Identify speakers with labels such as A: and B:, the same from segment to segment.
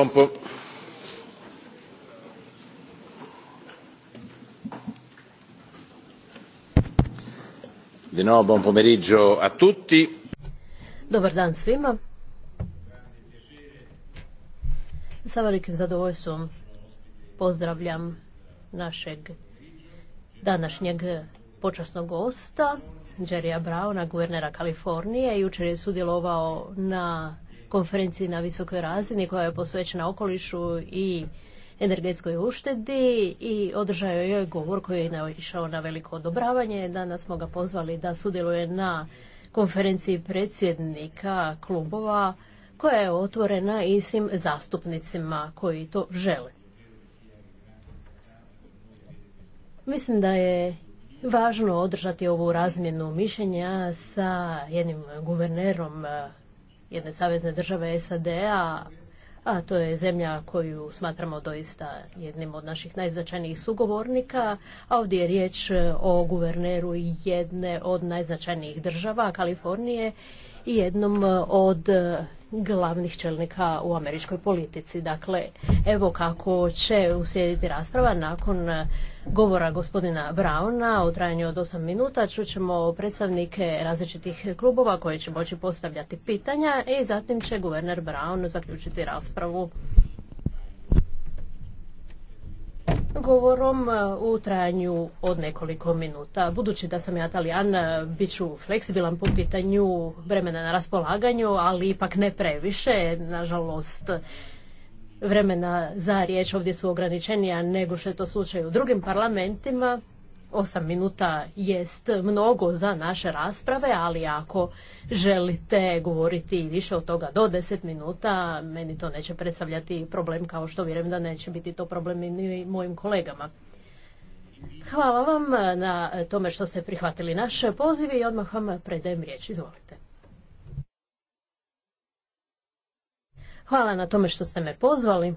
A: rompuy di nuovo buon pomeriggio a tutti dobar dan svima sa velikim zadovoljstvom pozdravljam našeg današnjeg počasnog gosta Jerrya Browna, guvernera Kalifornije. Jučer je sudjelovao na konferenciji na visokoj razini koja je posvećena okolišu i energetskoj uštedi i održao joj govor koji je išao na veliko odobravanje. Danas smo ga pozvali da sudjeluje na konferenciji predsjednika klubova koja je otvorena i svim zastupnicima koji to žele. Mislim da je važno održati ovu razmjenu mišljenja sa jednim guvernerom jedne savezne države SAD-a, a to je zemlja koju smatramo doista jednim od naših najznačajnijih sugovornika, a ovdje je riječ o guverneru jedne od najznačajnijih država, Kalifornije, i jednom od glavnih čelnika u američkoj politici. Dakle, evo kako će uslijediti rasprava nakon govora gospodina Brauna u trajanju od 8 minuta. Čućemo predstavnike različitih klubova koji će moći postavljati pitanja i zatim će guverner Braun zaključiti raspravu govorom e, u trajanju od nekoliko minuta. Budući da sam ja talijan, e, bit ću fleksibilan po pitanju vremena na raspolaganju, ali ipak ne previše. Nažalost, vremena za riječ ovdje su ograničenija nego što je to slučaj u drugim parlamentima. Osam minuta jest mnogo za naše rasprave, ali ako želite govoriti više od toga do deset minuta, meni to neće predstavljati problem kao što vjerujem da neće biti to problem i mojim kolegama. Hvala vam na tome što ste prihvatili naše pozive i odmah vam predajem riječ. Izvolite. Hvala na tome što ste me pozvali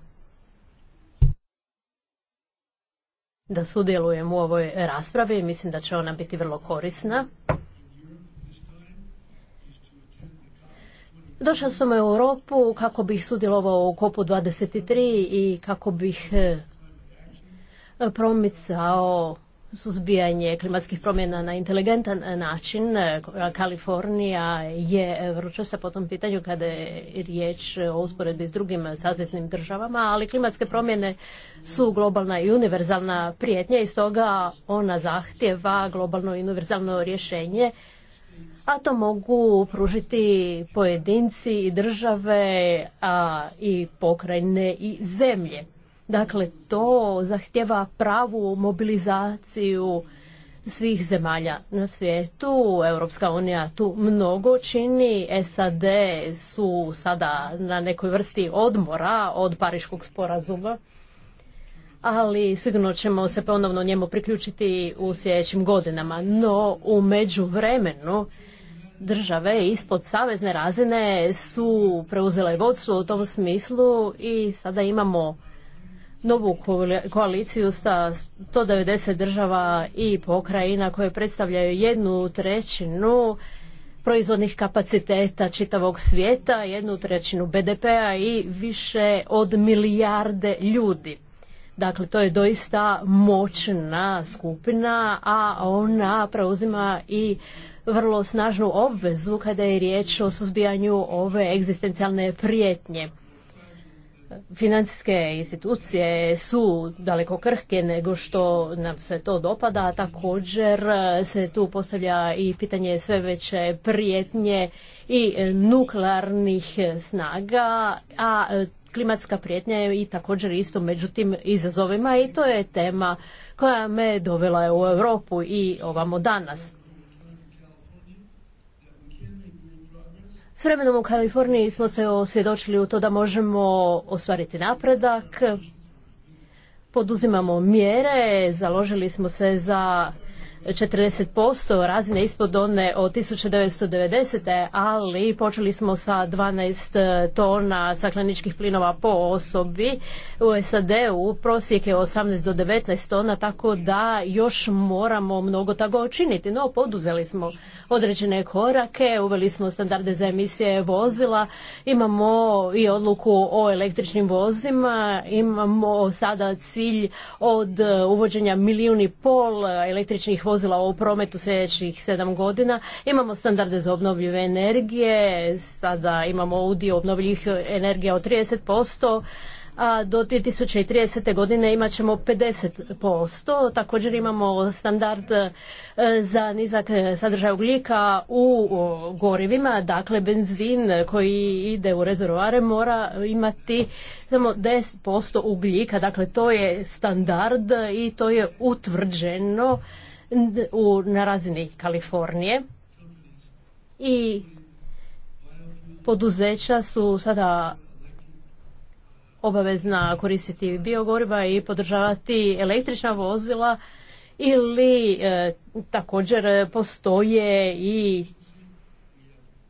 A: da sudjelujem u ovoj raspravi. Mislim da će ona biti vrlo korisna. Došao sam u Europu kako bih sudjelovao u kopu 23 i kako bih eh, promicao suzbijanje klimatskih promjena na inteligentan eh, način. Eh, Kalifornija je eh, vrlo se po tom pitanju kada je riječ o usporedbi s drugim saveznim državama, ali klimatske promjene su globalna i univerzalna prijetnja i stoga ona zahtjeva globalno i univerzalno rješenje a to mogu pružiti pojedinci i države i pokrajine i zemlje. Dakle, to zahtjeva pravu mobilizaciju svih zemalja na svijetu. Europska unija tu mnogo čini. SAD su sada na nekoj vrsti odmora od Pariškog sporazuma. Ali sigurno ćemo se ponovno njemu priključiti u sljedećim godinama. No, u međuvremenu države ispod savezne razine su preuzele vodstvo u tom smislu i sada imamo novu koaliciju sa 190 država i pokrajina koje predstavljaju jednu trećinu proizvodnih kapaciteta čitavog svijeta, jednu trećinu BDP-a i više od milijarde ljudi. Dakle, to je doista moćna skupina, a ona preuzima i vrlo snažnu obvezu kada je riječ o suzbijanju ove egzistencijalne prijetnje financijske institucije su daleko krhke nego što nam se to dopada, a također e, se tu postavlja i pitanje sve veće prijetnje i nuklearnih snaga, a e, klimatska prijetnja je i također isto međutim izazovima i to je tema koja me dovela u Europu i ovamo danas. S vremenom u Kaliforniji smo se osvjedočili u to da možemo ostvariti napredak, poduzimamo mjere, založili smo se za 40% razine ispod one od 1990. ali počeli smo sa 12 tona sakleničkih plinova po osobi. U SAD-u prosjek je 18 do 19 tona, tako da još moramo mnogo tako učiniti. No, poduzeli smo određene korake, uveli smo standarde za emisije vozila, imamo i odluku o električnim vozima, imamo sada cilj od uvođenja milijuni pol električnih vozila u prometu sljedećih sedam godina. Imamo standarde za obnovljive energije, sada imamo udio obnovljivih energija od 30%, a do 2030. godine imat ćemo 50%. Također imamo standard e, za nizak sadržaj ugljika u gorivima, dakle benzin koji ide u rezervoare mora imati samo 10% ugljika, dakle to je standard i to je utvrđeno u, na razini Kalifornije i poduzeća su sada obavezna koristiti biogoriva i podržavati električna vozila ili e, također postoje i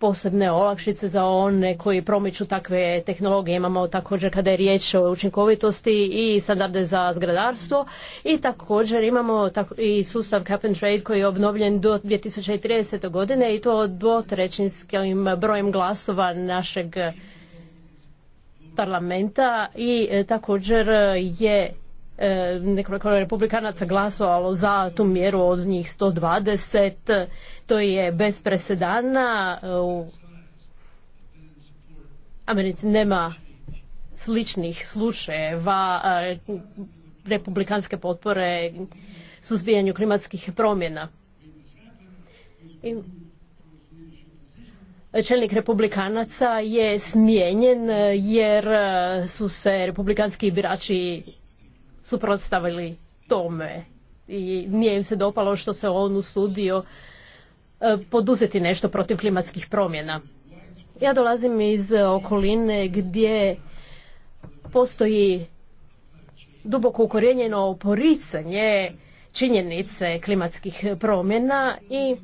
A: posebne olakšice za one koji promiču takve tehnologije. Imamo također kada je riječ o učinkovitosti i standarde za zgradarstvo i također imamo i sustav cap and trade koji je obnovljen do 2030. godine i to dvotrećinskim brojem glasova našeg parlamenta i e, također je E, nekoliko republikanaca glasovalo za tu mjeru od njih 120. To je bez presedana. E, u Americi nema sličnih slučajeva e, republikanske potpore suzbijanju klimatskih promjena. I čelnik republikanaca je smijenjen jer su se republikanski birači suprotstavili tome i nije im se dopalo što se on usudio e, poduzeti nešto protiv klimatskih promjena. Ja dolazim iz okoline gdje postoji duboko ukorijenjeno oporicanje činjenice klimatskih promjena i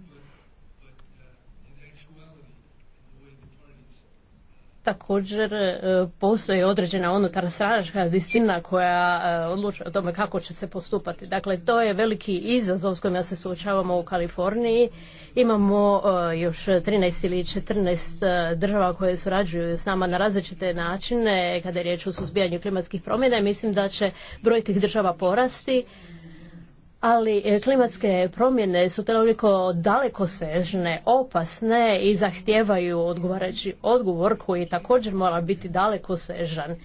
A: Također e, postoji određena unutar stranačka disciplina koja e, odlučuje o tome kako će se postupati. Dakle, to je veliki izazov s kojim ja se suočavamo u Kaliforniji. Imamo e, još 13 ili 14 država koje surađuju s nama na različite načine kada je riječ o suzbijanju klimatskih promjena i mislim da će broj tih država porasti ali e, klimatske promjene su toliko dalekosežne, opasne i zahtijevaju odgovarajući odgovor koji također mora biti dalekosežan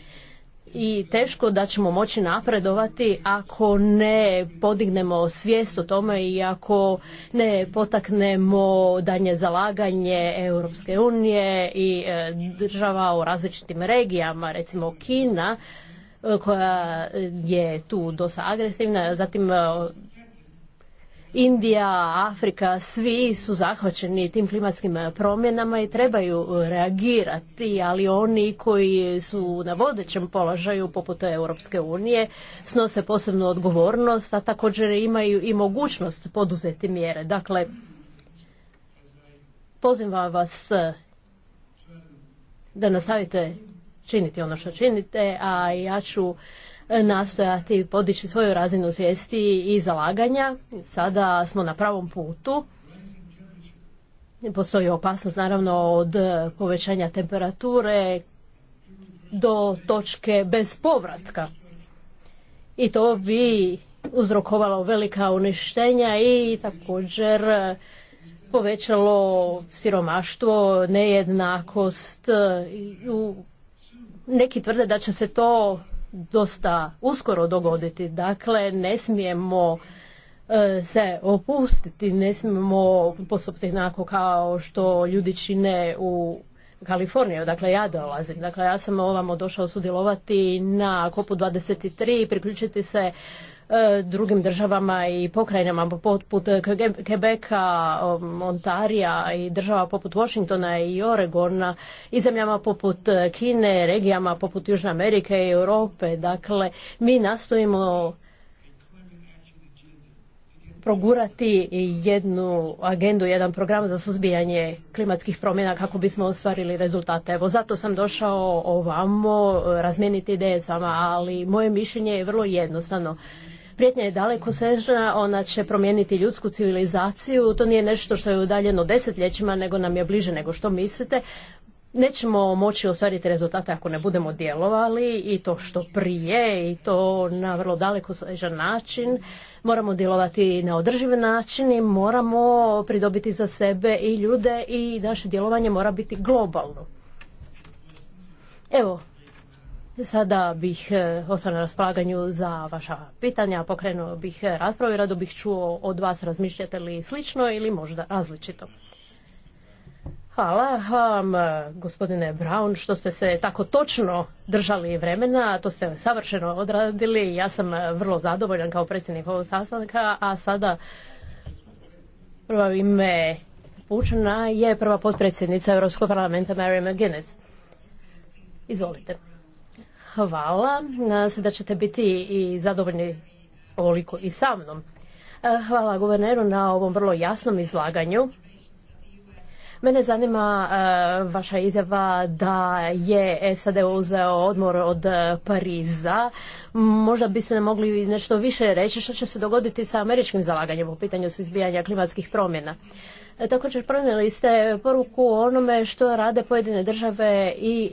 A: i teško da ćemo moći napredovati ako ne podignemo svijest o tome i ako ne potaknemo danje zalaganje Europske unije i e, država u različitim regijama, recimo Kina, E, koja je tu dosta agresivna, zatim e, Indija, Afrika, svi su zahvaćeni tim klimatskim promjenama i trebaju reagirati, ali oni koji su na vodećem položaju poput Europske unije snose posebnu odgovornost, a također imaju i mogućnost poduzeti mjere. Dakle, pozivam vas da nastavite činiti ono što činite, a ja ću e, nastojati podići svoju razinu svijesti i zalaganja. Sada smo na pravom putu. Postoji opasnost naravno od povećanja temperature do točke bez povratka. I to bi uzrokovalo velika uništenja i također povećalo siromaštvo, nejednakost e, u neki tvrde da će se to dosta uskoro dogoditi. Dakle, ne smijemo e, se opustiti, ne smijemo postupiti onako kao što ljudi čine u Kaliforniju, dakle ja dolazim. Dakle, ja sam ovamo došao sudjelovati na kopu 23 i priključiti se E, drugim državama i pokrajinama poput e, Quebeca, Ontarija i država poput Washingtona i Oregona i zemljama poput e, Kine, regijama poput Južne Amerike i Europe. Dakle, mi nastojimo progurati jednu agendu, jedan program za suzbijanje klimatskih promjena kako bismo ostvarili rezultate. Evo, zato sam došao ovamo razmijeniti ideje s vama, ali moje mišljenje je vrlo jednostavno. Prijetnja je daleko sežna, ona će promijeniti ljudsku civilizaciju. To nije nešto što je udaljeno desetljećima, nego nam je bliže nego što mislite. Nećemo moći ostvariti rezultate ako ne budemo djelovali i to što prije i to na vrlo daleko sežan način. Moramo djelovati na način i moramo pridobiti za sebe i ljude i naše djelovanje mora biti globalno. Evo, Sada bih e, ostala na raspolaganju za vaša pitanja, pokrenuo bih e, raspravu i rado bih čuo od vas razmišljate li slično ili možda različito. Hvala vam, e, gospodine Brown, što ste se tako točno držali vremena, to ste savršeno odradili. Ja sam vrlo zadovoljan kao predsjednik ovog sastanka, a sada prva ime pučena je prva potpredsjednica Europskog parlamenta Mary McGuinness. Izvolite hvala. Nadam se da ćete biti i zadovoljni ovoliko i sa mnom. E, hvala guverneru na ovom vrlo jasnom izlaganju. Mene zanima e, vaša izjava da je SAD uzeo odmor od e, Pariza. Možda bi se mogli nešto više reći što će se dogoditi sa američkim zalaganjem u pitanju suzbijanja klimatskih promjena. E, također pronijeli ste poruku o onome što rade pojedine države i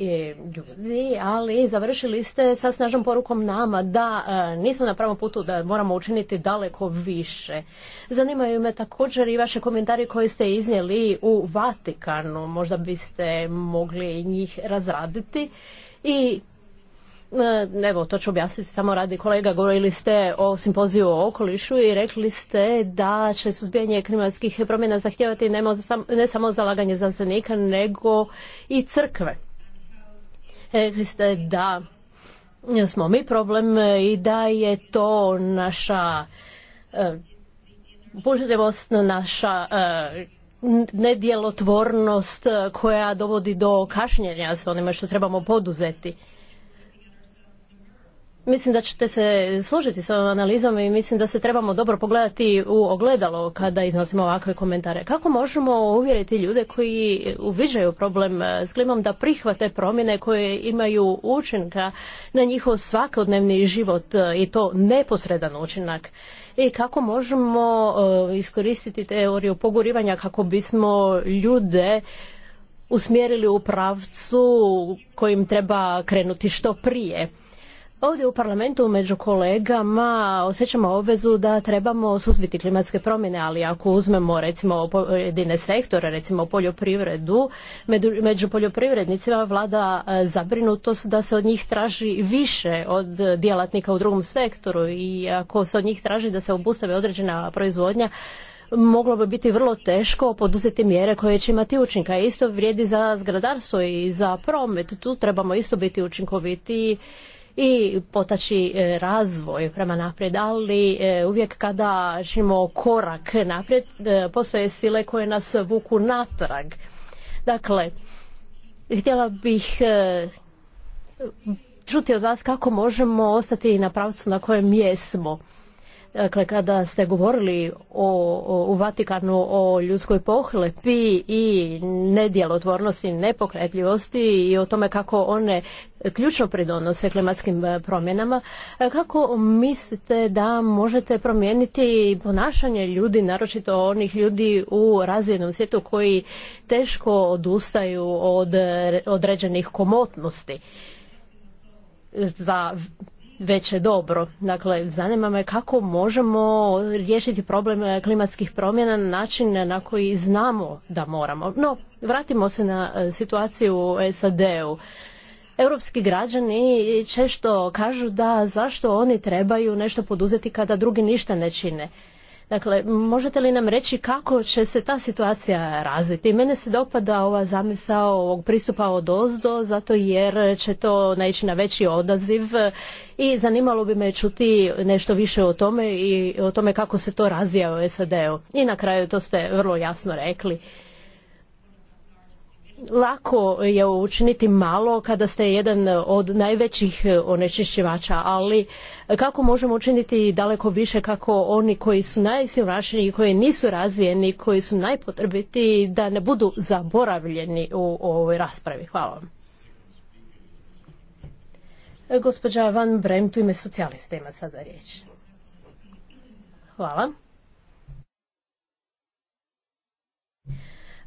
A: ljudi, ali završili ste sa snažnom porukom nama da e, nismo na pravom putu, da moramo učiniti daleko više. Zanimaju me također i vaše komentari koje ste iznijeli u Vatikanu. Možda biste mogli njih razraditi. I E, evo, to ću objasniti samo radi kolega. Govorili ste o simpoziju o okolišu i rekli ste da će suzbijanje klimatskih promjena zahtijevati ne samo zalaganje znanstvenika, nego i crkve. Rekli ste da smo mi problem i da je to naša e, upožljivost, naša e, nedjelotvornost koja dovodi do kašnjenja s onime što trebamo poduzeti. Mislim da ćete se složiti s ovom analizom i mislim da se trebamo dobro pogledati u ogledalo kada iznosimo ovakve komentare. Kako možemo uvjeriti ljude koji uviđaju problem eh, s klimom da prihvate promjene koje imaju učinka na njihov svakodnevni život eh, i to neposredan učinak? I kako možemo eh, iskoristiti teoriju pogurivanja kako bismo ljude usmjerili u pravcu kojim treba krenuti što prije? Ovdje u parlamentu među kolegama osjećamo obvezu da trebamo suzbiti klimatske promjene, ali ako uzmemo recimo pojedine sektore, recimo poljoprivredu, među poljoprivrednicima vlada e, zabrinutost da se od njih traži više od djelatnika u drugom sektoru i ako se od njih traži da se obustave određena proizvodnja, moglo bi biti vrlo teško poduzeti mjere koje će imati učinka. Isto vrijedi za zgradarstvo i za promet. Tu trebamo isto biti učinkoviti i potaći e, razvoj prema naprijed, ali e, uvijek kada činimo korak naprijed, e, postoje sile koje nas vuku natrag. Dakle, htjela bih čuti od vas kako možemo ostati na pravcu na kojem jesmo. Dakle, kada ste govorili o, u Vatikanu o ljudskoj pohlepi i nedjelotvornosti, nepokretljivosti i o tome kako one ključno pridonose klimatskim e, promjenama, e, kako mislite da možete promijeniti ponašanje ljudi, naročito onih ljudi u razvijenom svijetu koji teško odustaju od određenih komotnosti? za veće dobro. Dakle, zanima me kako možemo riješiti problem e, klimatskih promjena na način na koji znamo da moramo. No, vratimo se na e, situaciju u SAD-u. Europski građani često kažu da zašto oni trebaju nešto poduzeti kada drugi ništa ne čine. Dakle, možete li nam reći kako će se ta situacija razviti? Mene se dopada ova zamisao ovog pristupa od ozdo, zato jer će to naići na veći odaziv i zanimalo bi me čuti nešto više o tome i o tome kako se to razvija u SAD-u. I na kraju to ste vrlo jasno rekli lako je učiniti malo kada ste jedan od najvećih onečišćivača, ali kako možemo učiniti daleko više kako oni koji su najsiromašniji, koji nisu razvijeni, koji su najpotrebitiji da ne budu zaboravljeni u, ovoj raspravi. Hvala vam. Van ime socijalista ima sada riječ. Hvala.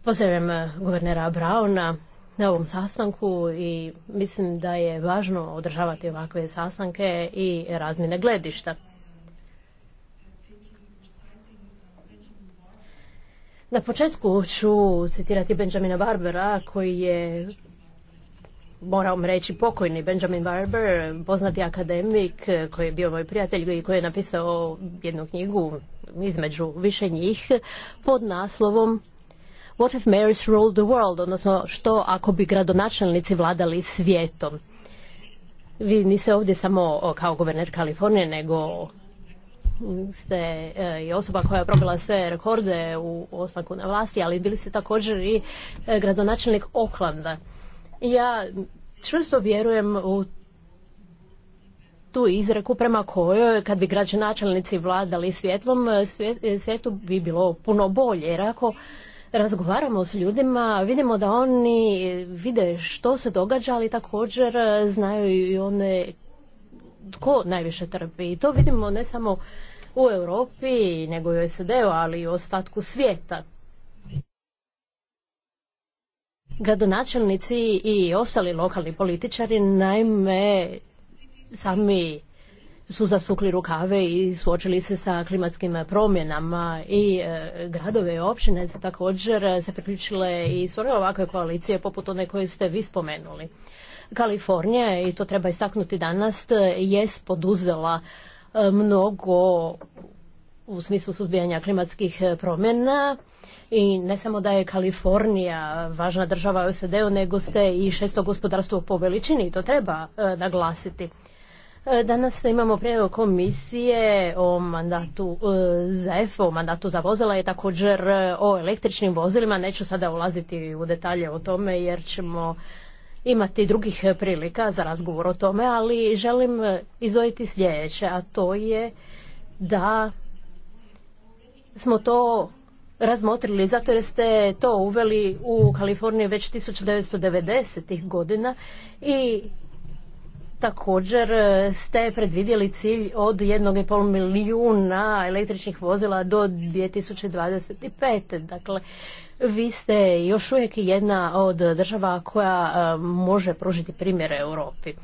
A: Pozdravljam eh, guvernera Brauna na ovom sastanku i mislim da je važno održavati ovakve sastanke i razmjene gledišta. Na početku ću citirati Benjamina Barbera koji je moram reći pokojni Benjamin Barber, poznati akademik eh, koji je bio moj prijatelj i koji je napisao jednu knjigu između više njih pod naslovom What if mayors ruled the world, odnosno što ako bi gradonačelnici vladali svijetom? Vi niste ovdje samo kao guverner Kalifornije, nego ste e, i osoba koja je probila sve rekorde u ostanku na vlasti, ali bili ste također i e, gradonačelnik Oklanda. Ja čvrsto vjerujem u tu izreku prema kojoj kad bi građanačelnici vladali svjetlom, e, svijetu bi bilo puno bolje. Jer ako razgovaramo s ljudima, vidimo da oni vide što se događa, ali također e, znaju i one tko najviše trpi. I to vidimo ne samo u Europi, nego i u SAD-u, ali i u ostatku svijeta. Gradonačelnici i ostali lokalni političari naime sami su zasukli rukave i suočili se sa klimatskim promjenama i e, gradove i općine se također se priključile i svoje ovakve koalicije poput one koje ste vi spomenuli. Kalifornija, i to treba istaknuti danas, je poduzela e, mnogo u smislu suzbijanja klimatskih e, promjena i ne samo da je Kalifornija važna država u SAD-u, nego ste i šesto gospodarstvo po veličini i to treba naglasiti. E, danas imamo prijedlog komisije o mandatu e, za o mandatu za vozila i također e, o električnim vozilima. Neću sada ulaziti u detalje o tome jer ćemo imati drugih prilika za razgovor o tome, ali želim izvojiti sljedeće, a to je da smo to razmotrili zato jer ste to uveli u Kaliforniji već 1990. godina i Također e, ste predvidjeli cilj od pol milijuna električnih vozila do 2025. Dakle, vi ste još uvijek jedna od država koja e, može pružiti primjere Europi.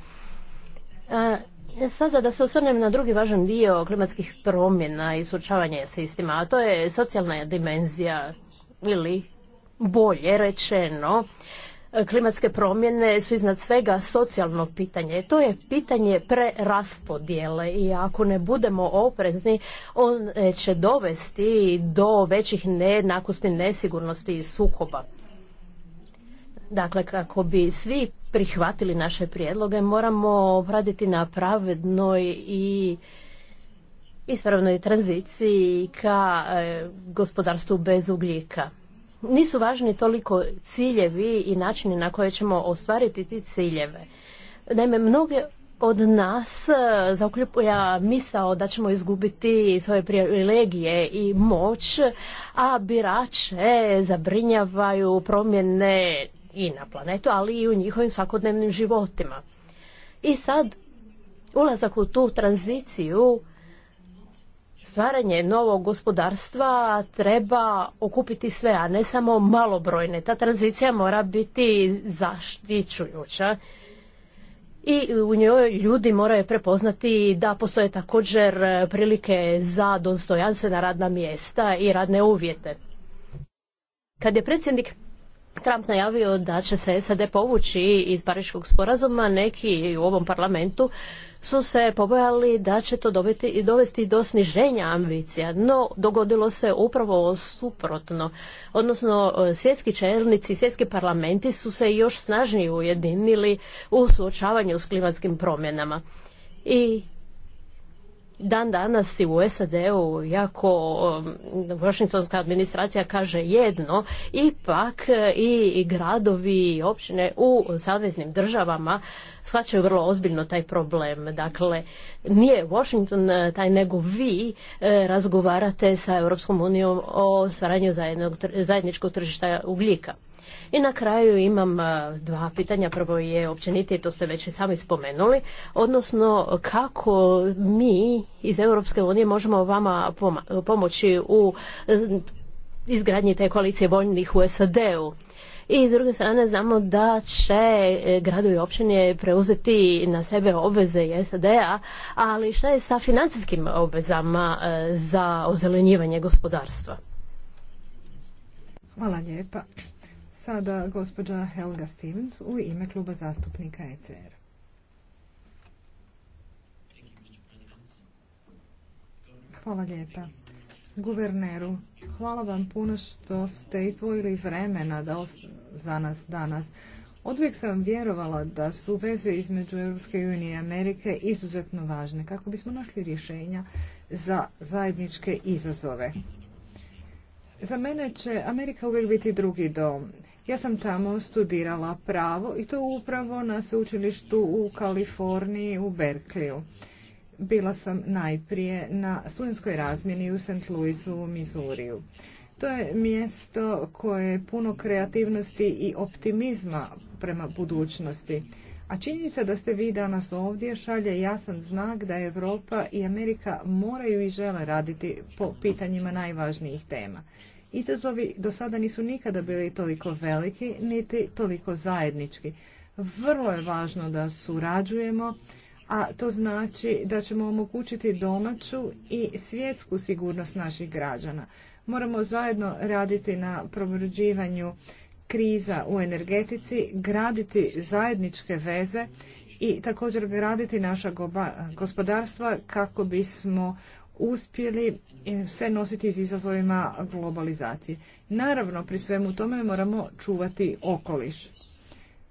A: E, sada da se osvrnem na drugi važan dio klimatskih promjena i suočavanje s istima, a to je socijalna dimenzija ili bolje rečeno klimatske promjene su iznad svega socijalno pitanje. To je pitanje preraspodjele i ako ne budemo oprezni, on će dovesti do većih nejednakosti, nesigurnosti i sukoba. Dakle, kako bi svi prihvatili naše prijedloge, moramo raditi na pravednoj i ispravnoj tranziciji ka e, gospodarstvu bez ugljika nisu važni toliko ciljevi i načini na koje ćemo ostvariti ti ciljeve. Naime, mnoge od nas e, zaokljupuja misao da ćemo izgubiti svoje privilegije i moć, a birače zabrinjavaju promjene i na planetu, ali i u njihovim svakodnevnim životima. I sad ulazak u tu tranziciju stvaranje novog gospodarstva treba okupiti sve, a ne samo malobrojne. Ta tranzicija mora biti zaštićujuća i u njoj ljudi moraju prepoznati da postoje također prilike za dostojanstvena radna mjesta i radne uvjete. Kad je predsjednik Trump najavio da će se SAD povući iz Pariškog sporazuma, neki u ovom parlamentu su se pobojali da će to dobiti i dovesti do sniženja ambicija, no dogodilo se upravo suprotno. Odnosno, svjetski čelnici, svjetski parlamenti su se još snažnije ujedinili u suočavanju s klimatskim promjenama. I dan danas i u SAD-u jako um, Washingtonska administracija kaže jedno, ipak e, i gradovi i općine u saveznim državama shvaćaju vrlo ozbiljno taj problem. Dakle, nije Washington e, taj nego vi e, razgovarate sa Europskom unijom o stvaranju zajedničkog tržišta ugljika. I na kraju imam e, dva pitanja. Prvo je općenitije, to ste već i sami spomenuli, odnosno kako mi iz Europske unije možemo vama pomoći u e, izgradnji te koalicije voljnih u SAD-u. I s druge strane znamo da će e, gradovi i općine preuzeti na sebe obveze i SAD-a, ali šta je sa financijskim obvezama za ozelenjivanje gospodarstva?
B: Hvala lijepa. Sada gospođa Helga Stevens u ime kluba zastupnika ECR. Hvala lijepa. Guverneru, hvala vam puno što ste izdvojili vremena za nas danas. Odvijek sam vjerovala da su veze između Europske unije i Amerike izuzetno važne kako bismo našli rješenja za zajedničke izazove. Za mene će Amerika uvijek biti drugi dom. Ja sam tamo studirala pravo i to upravo na sveučilištu u Kaliforniji u Berkliju. Bila sam najprije na studentskoj razmjeni u St. Louisu u Mizuriju. To je mjesto koje je puno kreativnosti i optimizma prema budućnosti. A činjenica da ste vi danas ovdje šalje jasan znak da Europa i Amerika moraju i žele raditi po pitanjima najvažnijih tema. Izazovi do sada nisu nikada bili toliko veliki, niti toliko zajednički. Vrlo je važno da surađujemo, a to znači da ćemo omogućiti domaću i svjetsku sigurnost naših građana. Moramo zajedno raditi na promrđivanju kriza u energetici, graditi zajedničke veze i također graditi naša gospodarstva kako bismo uspjeli se nositi s izazovima globalizacije. Naravno, pri svemu tome moramo čuvati okoliš.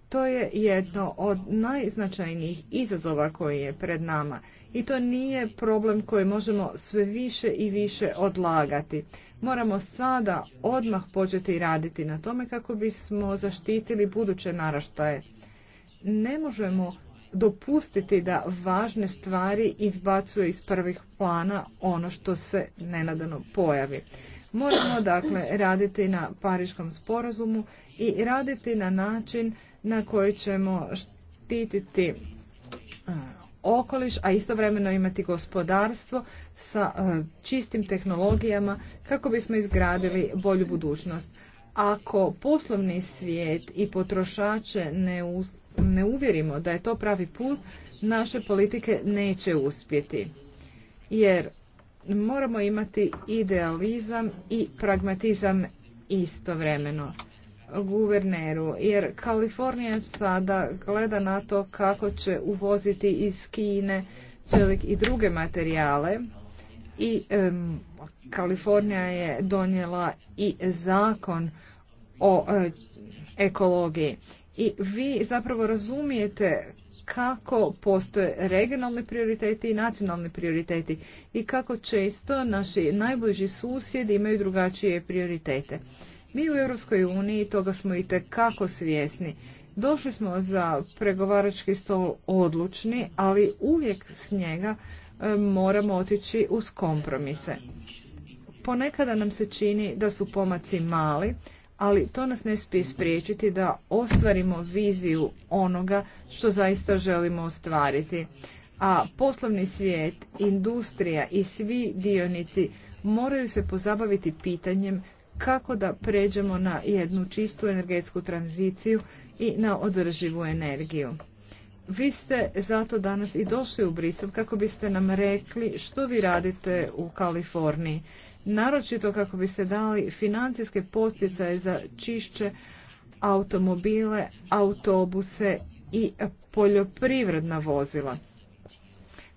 B: To je jedno od najznačajnijih izazova koji je pred nama i to nije problem koji možemo sve više i više odlagati. Moramo sada odmah početi raditi na tome kako bismo zaštitili buduće naraštaje. Ne možemo dopustiti da važne stvari izbacuje iz prvih plana ono što se nenadano pojavi. Moramo dakle raditi na Pariškom sporazumu i raditi na način na koji ćemo štititi e, okoliš, a istovremeno imati gospodarstvo sa e, čistim tehnologijama kako bismo izgradili bolju budućnost. Ako poslovni svijet i potrošače ne ne uvjerimo da je to pravi put, naše politike neće uspjeti. Jer moramo imati idealizam i pragmatizam istovremeno guverneru, jer Kalifornija sada gleda na to kako će uvoziti iz Kine čelik i druge materijale i Kalifornija je donijela i zakon o e, ekologiji i vi zapravo razumijete kako postoje regionalni prioriteti i nacionalni prioriteti i kako često naši najbliži susjedi imaju drugačije prioritete. Mi u Europskoj uniji toga smo i kako svjesni. Došli smo za pregovarački stol odlučni, ali uvijek s njega e, moramo otići uz kompromise. Ponekada nam se čini da su pomaci mali, ali to nas ne smije spriječiti da ostvarimo viziju onoga što zaista želimo ostvariti. A poslovni svijet, industrija i svi dionici moraju se pozabaviti pitanjem kako da pređemo na jednu čistu energetsku tranziciju i na održivu energiju. Vi ste zato danas i došli u Brisel kako biste nam rekli što vi radite u Kaliforniji naročito kako bi se dali financijske posticaje za čišće automobile, autobuse i poljoprivredna vozila.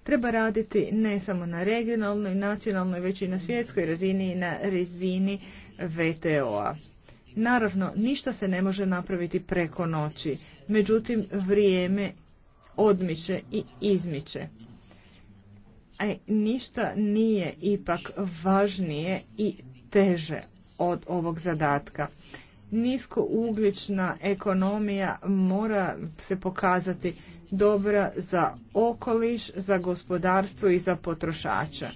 B: Treba raditi ne samo na regionalnoj, nacionalnoj, već i na svjetskoj razini i na razini VTO-a. Naravno, ništa se ne može napraviti preko noći, međutim vrijeme odmiče i izmiče. E, ništa nije ipak važnije i teže od ovog zadatka. Nisko ugljična ekonomija mora se pokazati dobra za okoliš, za gospodarstvo i za potrošača.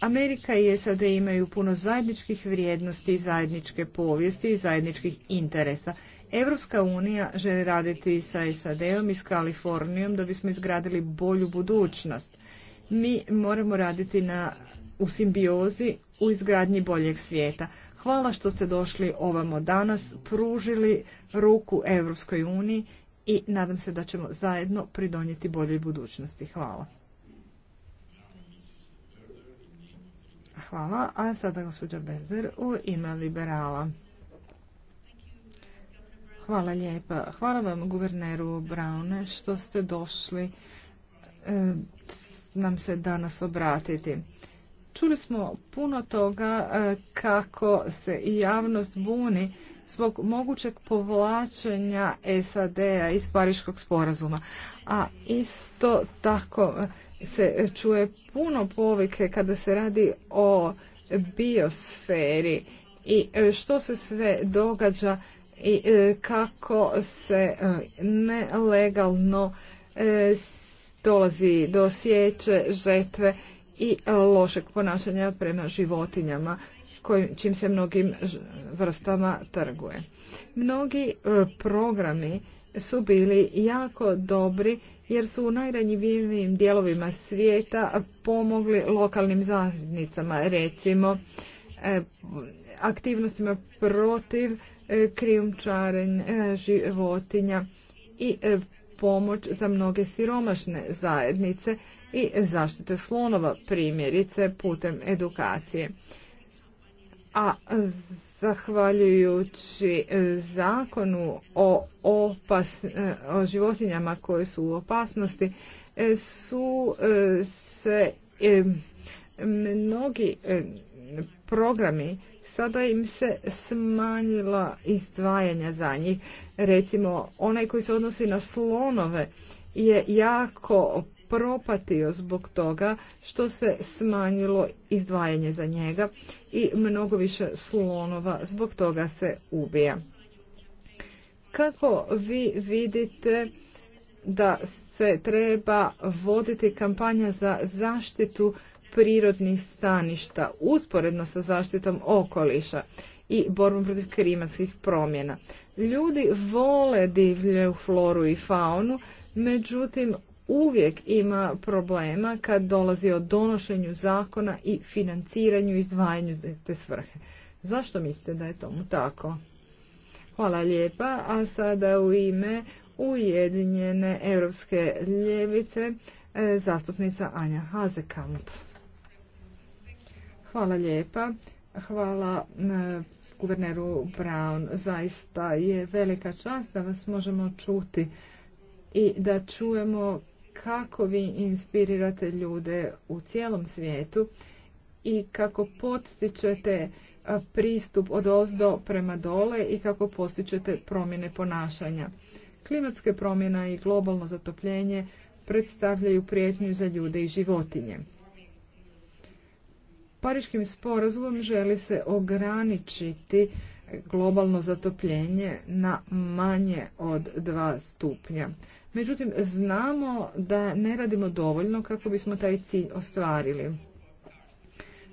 B: Amerika i SAD imaju puno zajedničkih vrijednosti zajedničke povijesti i zajedničkih interesa. Evropska unija želi raditi sa SAD-om i s Kalifornijom da bismo izgradili bolju budućnost mi moramo raditi na, u simbiozi u izgradnji boljeg svijeta. Hvala što ste došli ovamo danas, pružili ruku Europskoj uniji i nadam se da ćemo zajedno pridonijeti boljoj budućnosti. Hvala. Hvala. A sada gospođa Berder u ime liberala. Hvala lijepa. Hvala vam guverneru Brown što ste došli e, nam se danas obratiti. Čuli smo puno toga e, kako se i javnost buni zbog mogućeg povlačenja SAD-a iz Pariškog sporazuma. A isto tako e, se čuje puno povike kada se radi o biosferi i e, što se sve događa i kako se nelegalno dolazi do sjeće, žetve i e, lošeg ponašanja prema životinjama čim se mnogim vrstama trguje. Mnogi e, programi su bili jako dobri jer su u najranjivijim dijelovima svijeta pomogli lokalnim zajednicama, recimo e, aktivnostima protiv krijumčarenja životinja i pomoć za mnoge siromašne zajednice i zaštite slonova, primjerice putem edukacije. A zahvaljujući zakonu o, opas, o životinjama koje su u opasnosti su e, se e, mnogi e, programi sada im se smanjila izdvajanja za njih. Recimo, onaj koji se odnosi na slonove je jako propatio zbog toga što se smanjilo izdvajanje za njega i mnogo više slonova zbog toga se ubija. Kako vi vidite da se treba voditi kampanja za zaštitu prirodnih staništa usporedno sa zaštitom okoliša i borbom protiv klimatskih promjena. Ljudi vole divlju floru i faunu, međutim uvijek ima problema kad dolazi o donošenju zakona i financiranju i izdvajanju te svrhe. Zašto mislite da je tomu tako? Hvala lijepa, a sada u ime Ujedinjene europske ljevice e, zastupnica Anja Hazekamp. Hvala lijepa. Hvala e, guverneru Brown. Zaista je velika čast da vas možemo čuti i da čujemo kako vi inspirirate ljude u cijelom svijetu i kako potičete e, pristup od ozdo prema dole i kako postičete promjene ponašanja. Klimatske promjena i globalno zatopljenje predstavljaju prijetnju za ljude i životinje. Pariškim sporazumom želi se ograničiti globalno zatopljenje na manje od dva stupnja. Međutim, znamo da ne radimo dovoljno kako bismo taj cilj ostvarili.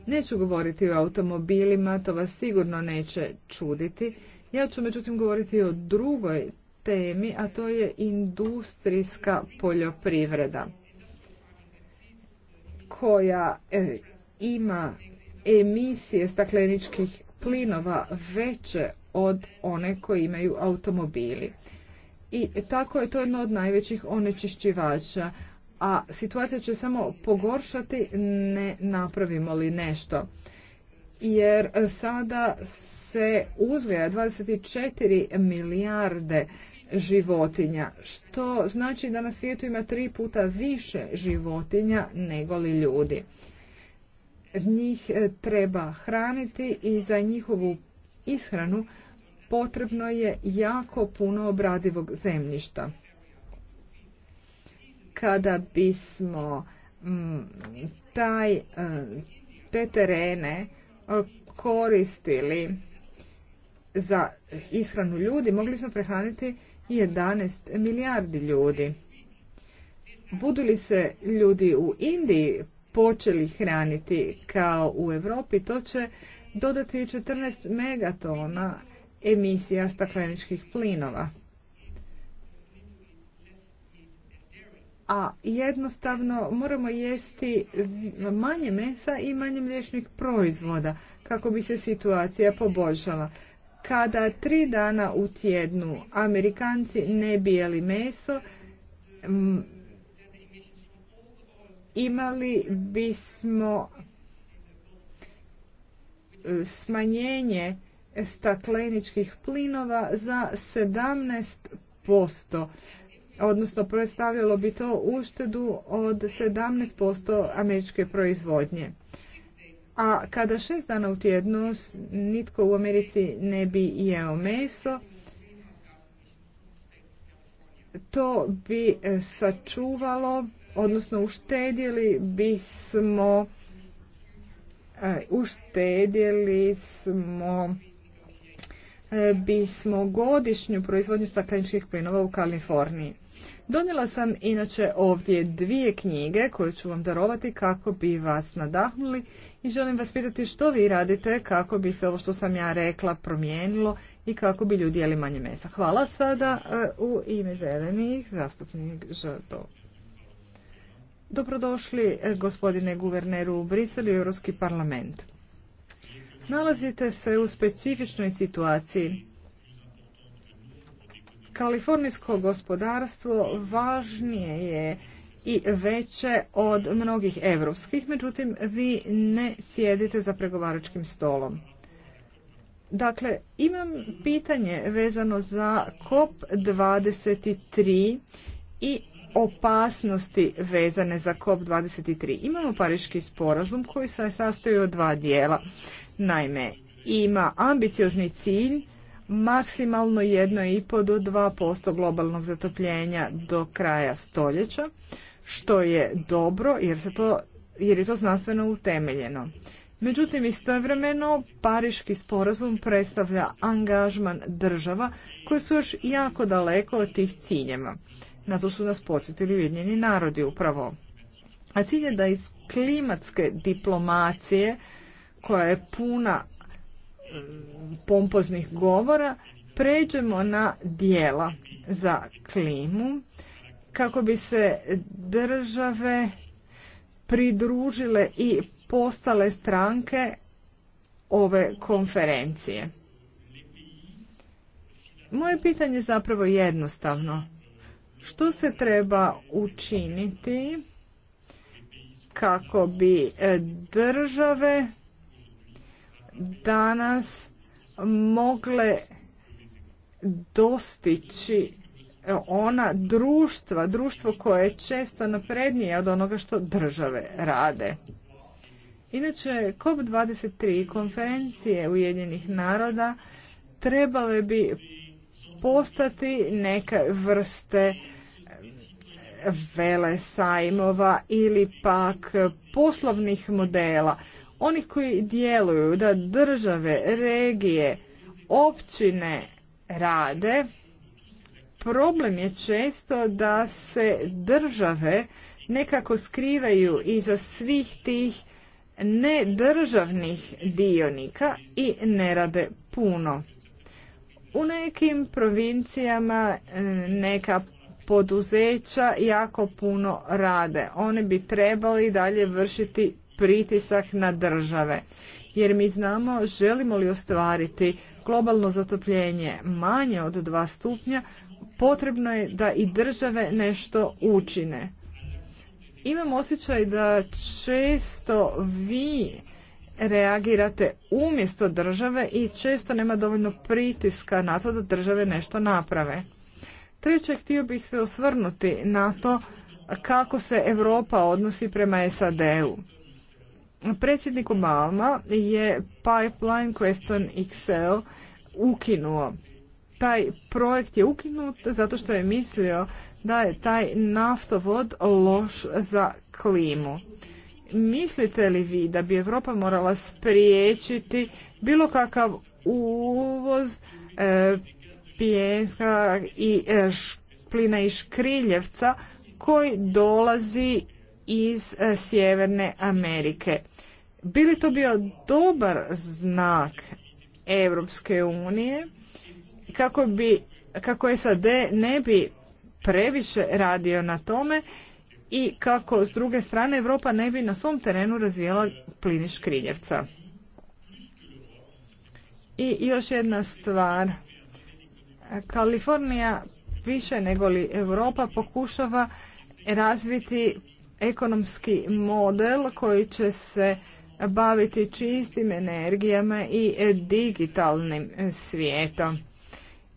B: Neću govoriti o automobilima, to vas sigurno neće čuditi. Ja ću međutim govoriti o drugoj temi, a to je industrijska poljoprivreda koja e, ima emisije stakleničkih plinova veće od one koje imaju automobili. I tako je to jedno od najvećih onečišćivača, a situacija će samo pogoršati ne napravimo li nešto. Jer sada se uzgaja 24 milijarde životinja, što znači da na svijetu ima tri puta više životinja nego li ljudi njih e, treba hraniti i za njihovu ishranu potrebno je jako puno obradivog zemljišta. Kada bismo mm, taj, e, te terene e, koristili za ishranu ljudi, mogli smo prehraniti 11 milijardi ljudi. Budu li se ljudi u Indiji počeli hraniti kao u Europi, to će dodati 14 megatona emisija stakleničkih plinova. A jednostavno moramo jesti manje mesa i manje mliječnih proizvoda kako bi se situacija poboljšala. Kada tri dana u tjednu Amerikanci ne bijeli meso, imali bismo smanjenje stakleničkih plinova za 17%, odnosno predstavljalo bi to uštedu od 17% američke proizvodnje. A kada šest dana u tjednu nitko u Americi ne bi jeo meso, to bi e, sačuvalo odnosno uštedjeli bismo e, uštedjeli smo e, bismo godišnju proizvodnju stakleničkih plinova u Kaliforniji. Donijela sam inače ovdje dvije knjige koje ću vam darovati kako bi vas nadahnuli i želim vas pitati što vi radite kako bi se ovo što sam ja rekla promijenilo i kako bi ljudi jeli manje mesa. Hvala sada e, u ime zelenih zastupnik Žrtov. Dobrodošli e, gospodine guverneru u Briselu i Europski parlament. Nalazite se u specifičnoj situaciji. Kalifornijsko gospodarstvo važnije je i veće od mnogih europskih, međutim vi ne sjedite za pregovaračkim stolom. Dakle, imam pitanje vezano za COP23 i opasnosti vezane za COP23. Imamo pariški sporazum koji se sastoji od dva dijela. Naime, ima ambiciozni cilj maksimalno 1,5 do 2% globalnog zatopljenja do kraja stoljeća, što je dobro jer, se to, jer je to znanstveno utemeljeno. Međutim, istovremeno, Pariški sporazum predstavlja angažman država koje su još jako daleko od tih ciljeva. Na to su nas podsjetili Ujedinjeni narodi upravo. A cilj je da iz klimatske diplomacije koja je puna mm, pompoznih govora pređemo na dijela za klimu kako bi se države pridružile i postale stranke ove konferencije. Moje pitanje je zapravo jednostavno. Što se treba učiniti kako bi e, države danas mogle dostići e, ona društva, društvo koje je često naprednije od onoga što države rade. Inače, COP23 konferencije Ujedinjenih naroda trebale bi postati neke vrste vele sajmova ili pak poslovnih modela, Oni koji djeluju da države, regije, općine rade, problem je često da se države nekako skrivaju iza svih tih nedržavnih dionika i ne rade puno. U nekim provincijama e, neka poduzeća jako puno rade. Oni bi trebali dalje vršiti pritisak na države. Jer mi znamo želimo li ostvariti globalno zatopljenje manje od dva stupnja, potrebno je da i države nešto učine. Imam osjećaj da često vi reagirate umjesto države i često nema dovoljno pritiska na to da države nešto naprave. Treće, htio bih se osvrnuti na to kako se Europa odnosi prema SAD-u. Predsjednik Obama je pipeline Question XL ukinuo. Taj projekt je ukinut zato što je mislio da je taj naftovod loš za klimu. Mislite li vi da bi Europa morala spriječiti bilo kakav uvoz e, pijenska i e, plina i škriljevca koji dolazi iz e, Sjeverne Amerike? Bi to bio dobar znak Europske unije kako bi kako SAD ne bi previše radio na tome i kako s druge strane Europa ne bi na svom terenu razvijela plini škrinjevca. I još jedna stvar. Kalifornija više nego li Europa pokušava razviti ekonomski model koji će se baviti čistim energijama i digitalnim svijetom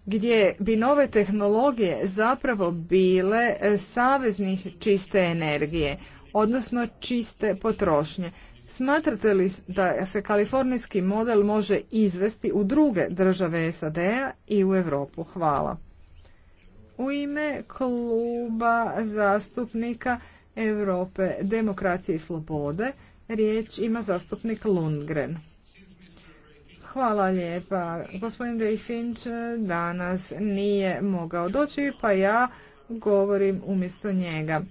B: gdje bi nove tehnologije zapravo bile saveznih čiste energije, odnosno čiste potrošnje. Smatrate li da se kalifornijski model može izvesti u druge države SAD-a i u Europu? Hvala. U ime kluba zastupnika Europe demokracije i slobode riječ ima zastupnik Lundgren. Hvala lijepa. Gospodin Ray danas nije mogao doći, pa ja govorim umjesto njega.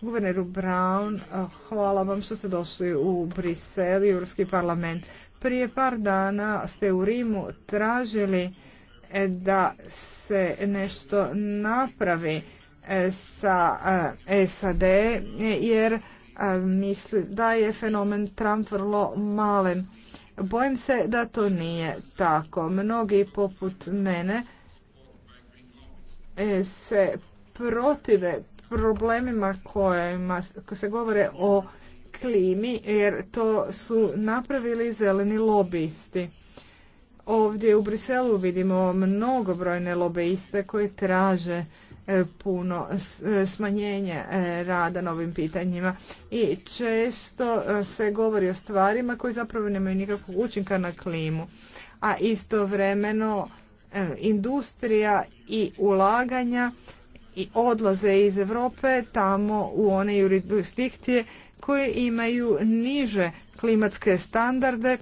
B: Guverneru Brown, hvala vam što ste došli u Brisel i Europski parlament. Prije par dana ste u Rimu tražili e, da se nešto napravi e, sa e, SAD, jer misli da je fenomen Trump vrlo malen. Bojim se da to nije tako. Mnogi poput mene e, se protive problemima kojima se govore o klimi jer to su napravili zeleni lobisti. Ovdje u Briselu vidimo mnogobrojne lobiste koji traže puno smanjenje e, rada na ovim pitanjima i često e, se govori o stvarima koji zapravo nemaju nikakvog učinka na klimu, a istovremeno e, industrija i ulaganja i odlaze iz Europe tamo u one jurisdikcije koje imaju niže klimatske standarde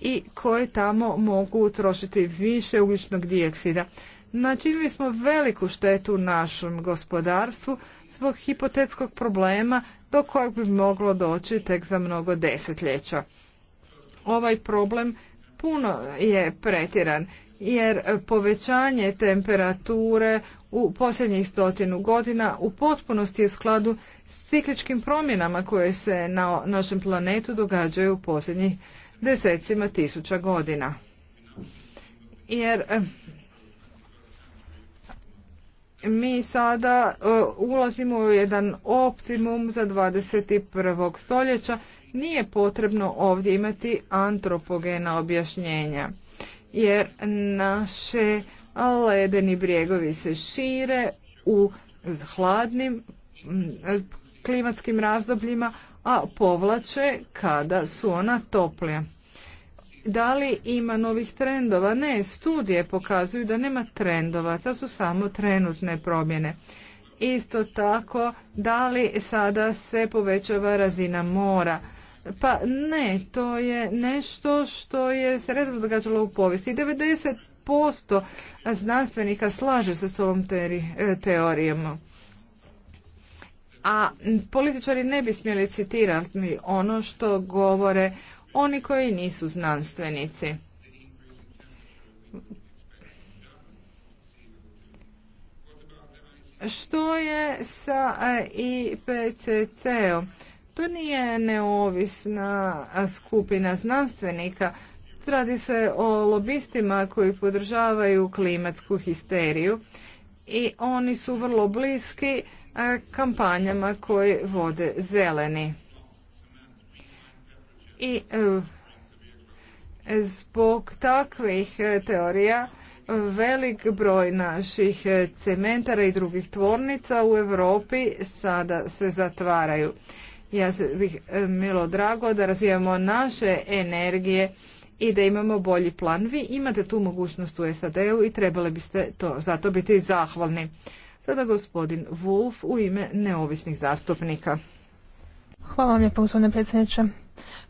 B: i koje tamo mogu trošiti više ugljičnog dioksida. Načinili smo veliku štetu našem gospodarstvu zbog hipotetskog problema do kojeg bi moglo doći tek za mnogo desetljeća. Ovaj problem puno je pretjeran jer povećanje temperature u posljednjih stotinu godina u potpunosti je u skladu s cikličkim promjenama koje se na našem planetu događaju u posljednjih desecima tisuća godina. Jer eh, mi sada e, ulazimo u jedan optimum za 21. stoljeća. Nije potrebno ovdje imati antropogena objašnjenja, jer naše ledeni brijegovi se šire u hladnim klimatskim razdobljima, a povlače kada su ona toplija. Da li ima novih trendova? Ne, studije pokazuju da nema trendova, to su samo trenutne promjene. Isto tako, da li sada se povećava razina mora? Pa ne, to je nešto što je se redovno događalo u povijesti. 90% znanstvenika slaže se s ovom e, teorijom. A političari ne bi smjeli citirati ono što govore oni koji nisu znanstvenici. Što je sa e, IPCC-om? To nije neovisna skupina znanstvenika. Radi se o lobistima koji podržavaju klimatsku histeriju i oni su vrlo bliski e, kampanjama koje vode zeleni i e, zbog takvih e, teorija velik broj naših e, cementara i drugih tvornica u Europi sada se zatvaraju. Ja bih milo drago da razvijamo naše energije i da imamo bolji plan. Vi imate tu mogućnost u SAD-u i trebali biste to, zato biti zahvalni. Sada gospodin Wolf u ime neovisnih zastupnika.
C: Hvala vam lijepo, gospodine predsjedniče.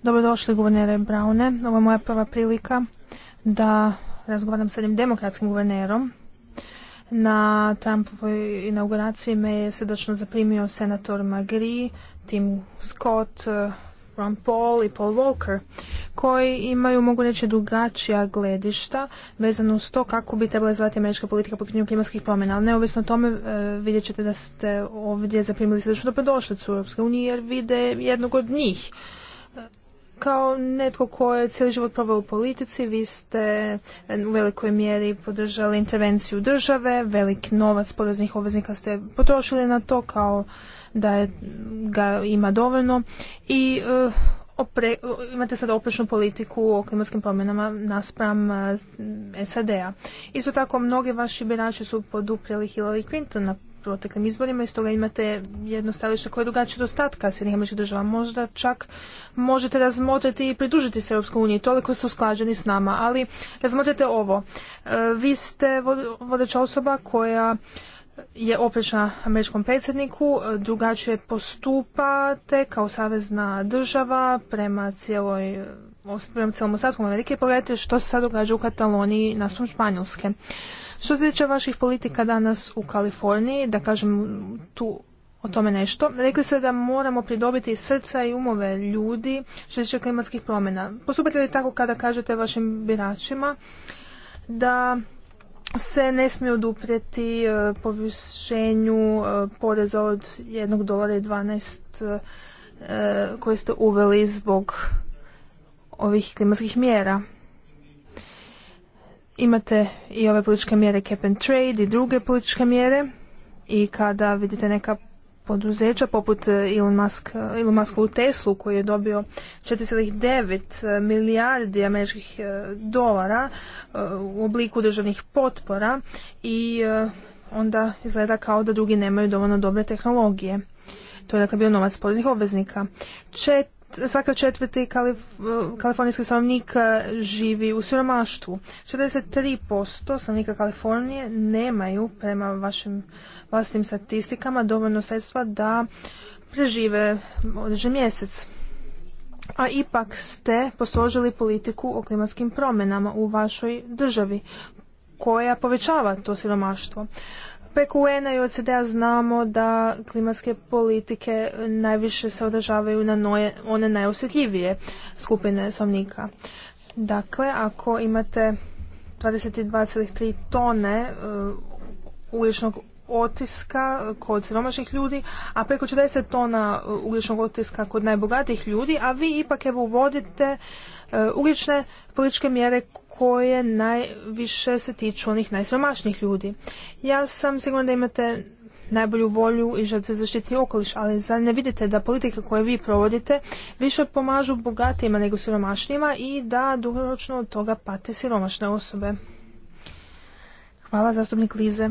C: Dobrodošli, guvernere Braune. Ovo je moja prva prilika da razgovaram sa jednim demokratskim guvernerom. Na Trumpovoj inauguraciji me je srdačno zaprimio senator Magri, Tim Scott, Ron Paul i Paul Walker, koji imaju, mogu reći, drugačija gledišta vezano uz to kako bi trebala izgledati američka politika po pitanju klimatskih promjena. Ali neovisno o tome, e, vidjet ćete da ste ovdje zaprimili srdečno dobrodošlicu u Europske unije jer vide jednog od njih kao netko ko je cijeli život proveo u politici, vi ste u velikoj mjeri podržali intervenciju države, velik novac poreznih obveznika ste potrošili na to kao da je, ga ima dovoljno i eh, imate sada oprečnu politiku o klimatskim promjenama naspram eh, SAD-a. Isto tako, mnogi vaši birači su poduprijeli Hillary Clinton proteklim izborima i stoga imate jedno stajalište koje je drugačije od ostatka američkih država. Možda čak možete razmotriti i pridružiti se Europskoj uniji, toliko su usklađeni s nama, ali razmotrite ovo. E, vi ste vodeća osoba koja je oprečna američkom predsjedniku, drugačije postupate kao savezna država prema cijeloj prema cijelom ostatku Amerike i pogledajte što se sad događa u Kataloniji naspom Španjolske. Što se tiče vaših politika danas u Kaliforniji, da kažem tu o tome nešto. Rekli ste da moramo pridobiti srca i umove ljudi što se tiče klimatskih promjena. Postupite li tako kada kažete vašim biračima da se ne smije oduprijeti e, povišenju e, poreza od 1 dolara i 12 e, koje ste uveli zbog ovih klimatskih mjera. Imate i ove političke mjere cap and trade i druge političke mjere i kada vidite neka poduzeća poput e, e, Elon, Musk, u Teslu koji je dobio 4,9 e, milijardi američkih dolara u obliku državnih potpora i onda izgleda kao da drugi nemaju dovoljno dobre tehnologije. To je dakle bio novac poreznih obveznika. Čet Svaka četvrti kalif, kalifornijski stanovnik e, živi u siromaštvu. 43% stanovnika Kalifornije nemaju, prema vašim vlastnim statistikama, dovoljno sredstva da prežive određen mjesec. A ipak ste posložili politiku o klimatskim promjenama u vašoj državi koja povećava to siromaštvo preko un i OCD-a znamo da klimatske politike najviše se održavaju na noje, one najosjetljivije skupine stanovnika. Dakle, ako imate 22,3 tone e, ugljičnog otiska kod siromašnih ljudi, a preko 40 tona e, ugljičnog otiska kod najbogatijih ljudi, a vi ipak evo uvodite e, ugljične političke mjere koje najviše se tiču onih najsiromašnijih ljudi. Ja sam sigurna da imate najbolju volju i želite zaštiti okoliš, ali zar ne vidite da politike koje vi provodite više pomažu bogatijima nego siromašnijima i da dugoročno od toga pate siromašne osobe? Hvala zastupnik Lize.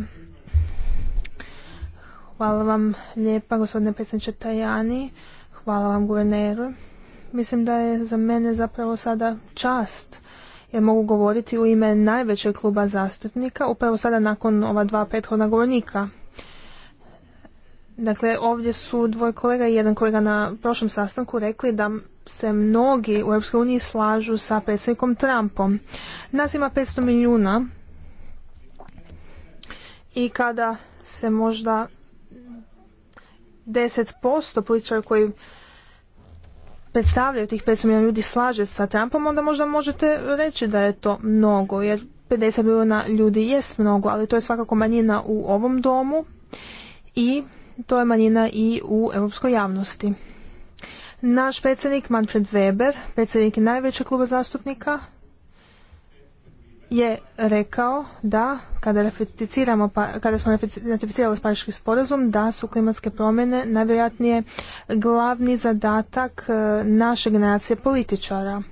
C: Hvala vam lijepa gospodine predsjedniče Tajani. Hvala vam guverneru. Mislim da je za mene zapravo sada čast jer mogu govoriti u ime najvećeg kluba zastupnika, upravo sada nakon ova dva prethodna govornika. Dakle, ovdje su dvoje kolega i jedan kolega na prošlom sastanku rekli da se mnogi u EU slažu sa predsjednikom Trumpom. Nas ima 500 milijuna i kada se možda 10% političara koji predstavljaju tih 500 milijuna ljudi slaže sa Trumpom, onda možda možete reći da je to mnogo, jer 50 milijuna ljudi jest mnogo, ali to je svakako manjina u ovom domu i to je manjina i u europskoj javnosti. Naš predsjednik Manfred Weber, predsjednik najvećeg kluba zastupnika je rekao da kada, pa, kada smo ratificirali Pariški sporazum da su klimatske promjene najvjerojatnije glavni zadatak e, naše generacije političara.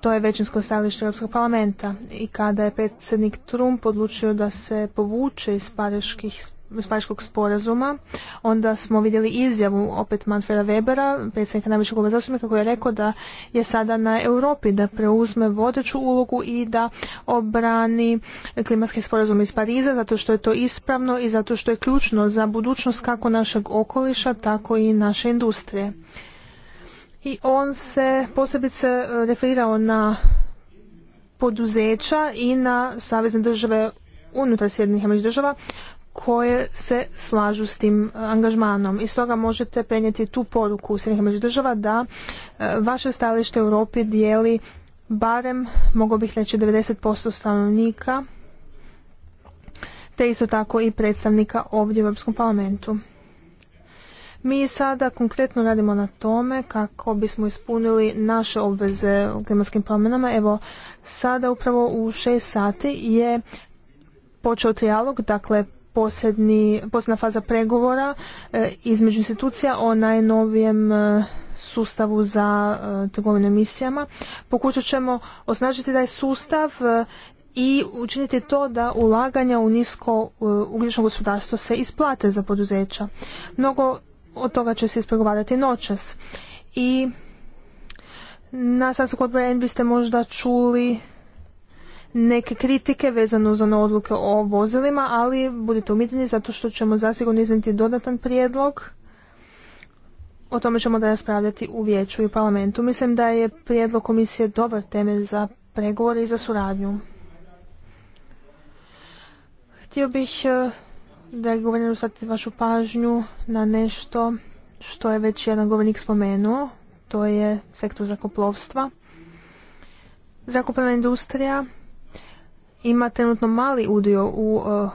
C: To je većinsko stajalište Europskog parlamenta i kada je predsjednik Trump odlučio da se povuče iz pariških spajskog sporazuma, onda smo vidjeli izjavu opet Manfreda Webera, predsjednika najvećeg kluba zastupnika, koji je rekao da je sada na Europi da preuzme vodeću ulogu i da obrani klimatski sporazum iz Pariza, zato što je to ispravno i zato što je ključno za budućnost kako našeg okoliša, tako i naše industrije. I on se posebice e, referirao na poduzeća i na savezne države unutar Sjedinih američkih država koje se slažu s tim e, angažmanom. I stoga možete prenijeti tu poruku u Srednjih država da e, vaše stajalište u Europi dijeli barem, mogu bih reći, 90% stanovnika te isto tako i predstavnika ovdje u Europskom parlamentu. Mi sada konkretno radimo na tome kako bismo ispunili naše obveze u klimatskim promjenama. Evo, sada upravo u 6 sati je počeo trijalog, dakle posebni, posljedna faza pregovora e, između institucija o najnovijem e, sustavu za e, trgovinu emisijama. Pokušat ćemo osnažiti taj sustav i učiniti to da ulaganja u nisko ugljično gospodarstvo se isplate za poduzeća. Mnogo od toga će se ispregovarati noćas. I na sastavku odbora ste možda čuli neke kritike vezano uz ono odluke o vozilima, ali budite umitljeni zato što ćemo zasigurno iznijeti dodatan prijedlog. O tome ćemo da raspravljati u vijeću i parlamentu. Mislim da je prijedlog komisije dobar temelj za pregovore i za suradnju. Htio bih e, da je govornik usvati vašu pažnju na nešto što je već jedan govornik spomenuo. To je sektor zakoplovstva. Zakopljena industrija ima trenutno mali udio uh,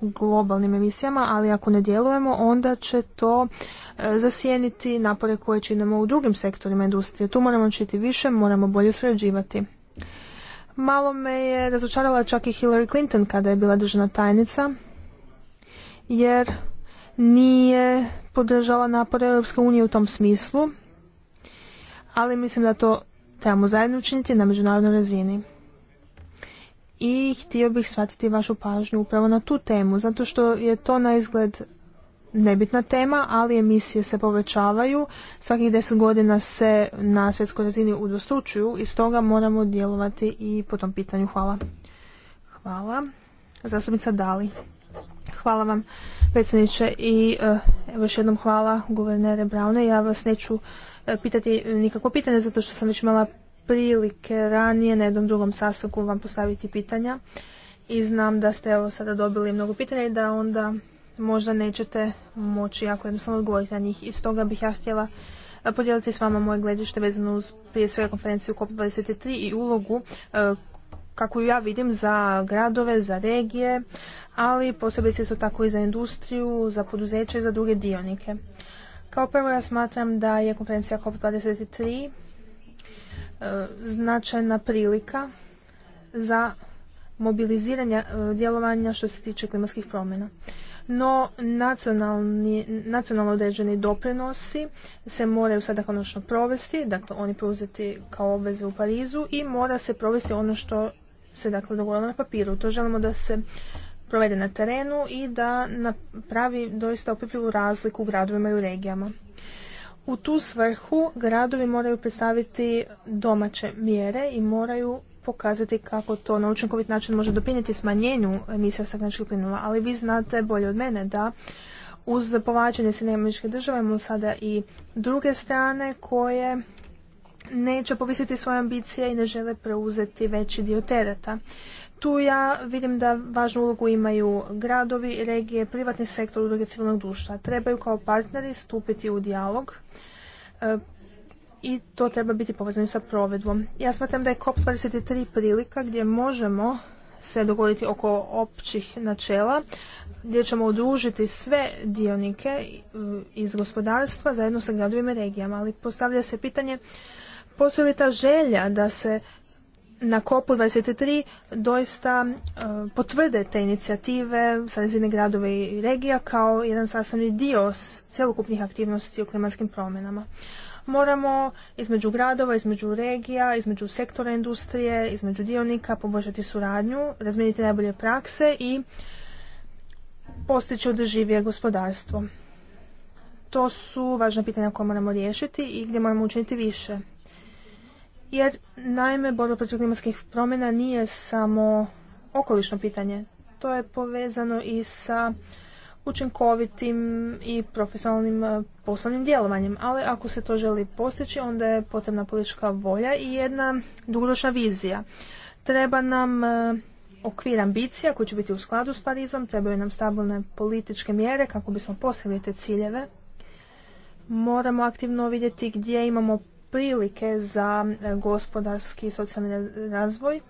C: u globalnim emisijama, ali ako ne djelujemo onda će to uh, zasijeniti napore koje činimo u drugim sektorima industrije. Tu moramo učiti više, moramo bolje surađivati. Malo me je razočarala čak i Hillary Clinton kada je bila državna tajnica, jer nije podržala napore Europske unije u tom smislu, ali mislim da to trebamo zajedno učiniti na međunarodnoj razini i htio bih shvatiti vašu pažnju upravo na tu temu, zato što je to na izgled nebitna tema, ali emisije se povećavaju, svakih deset godina se na svjetskoj razini udostručuju i stoga moramo djelovati i po tom pitanju. Hvala. Hvala. Zastupnica Dali. Hvala vam predsjedniče i e, evo još jednom hvala guvernere Braune. Ja vas neću e, pitati nikako pitanje zato što sam već imala prilike ranije na jednom drugom sastanku vam postaviti pitanja i znam da ste evo sada dobili mnogo pitanja i da onda možda nećete moći jako jednostavno odgovoriti na njih. I stoga bih ja htjela eh, podijeliti s vama moje gledište vezano uz prije svega konferenciju COP23 i ulogu eh, kakvu kako ju ja vidim za gradove, za regije, ali se isto tako i za industriju, za poduzeće i za druge dionike. Kao prvo ja smatram da je konferencija COP23 E, značajna prilika za mobiliziranje e, djelovanja što se tiče klimatskih promjena. No, nacionalni, nacionalno određeni doprinosi se moraju sada konačno provesti, dakle oni preuzeti kao obveze u Parizu i mora se provesti ono što se dakle dogodilo na papiru. To želimo da se provede na terenu i da napravi doista opipljivu razliku u gradovima i u regijama. U tu svrhu gradovi moraju predstaviti domaće mjere i moraju pokazati kako to na učinkovit način može doprinijeti smanjenju emisija stakleničkih plinova, ali vi znate bolje od mene da uz povlačenje Sjedinjeničke države imamo sada i druge strane koje neće povisiti svoje ambicije i ne žele preuzeti veći dio tereta. Tu ja vidim da važnu ulogu imaju gradovi, regije, privatni sektor, udruge civilnog društva. Trebaju kao partneri stupiti u dijalog e, i to treba biti povezano sa provedbom. Ja smatram da je COP23 prilika gdje možemo se dogoditi oko općih načela, gdje ćemo udružiti sve dionike e, iz gospodarstva zajedno sa gradovima i regijama. Ali postavlja se pitanje postoji li ta želja da se na kopu 23 doista e, potvrde te inicijative sa razine gradova i regija kao jedan sastavni dio celokupnih aktivnosti u klimatskim promjenama. Moramo između gradova, između regija, između sektora industrije, između dionika poboljšati suradnju, razmijeniti najbolje prakse i postići održivije gospodarstvo. To su važna pitanja koja moramo riješiti i gdje moramo učiniti više jer naime borba protiv klimatskih promjena nije samo okolišno pitanje. To je povezano i sa učinkovitim i profesionalnim e, poslovnim djelovanjem. Ali ako se to želi postići, onda je potrebna politička volja i jedna dugoročna vizija. Treba nam e, okvir ambicija koji će biti u skladu s Parizom, trebaju nam stabilne političke mjere kako bismo postigli te ciljeve. Moramo aktivno vidjeti gdje imamo prilike za e, gospodarski i socijalni razvoj.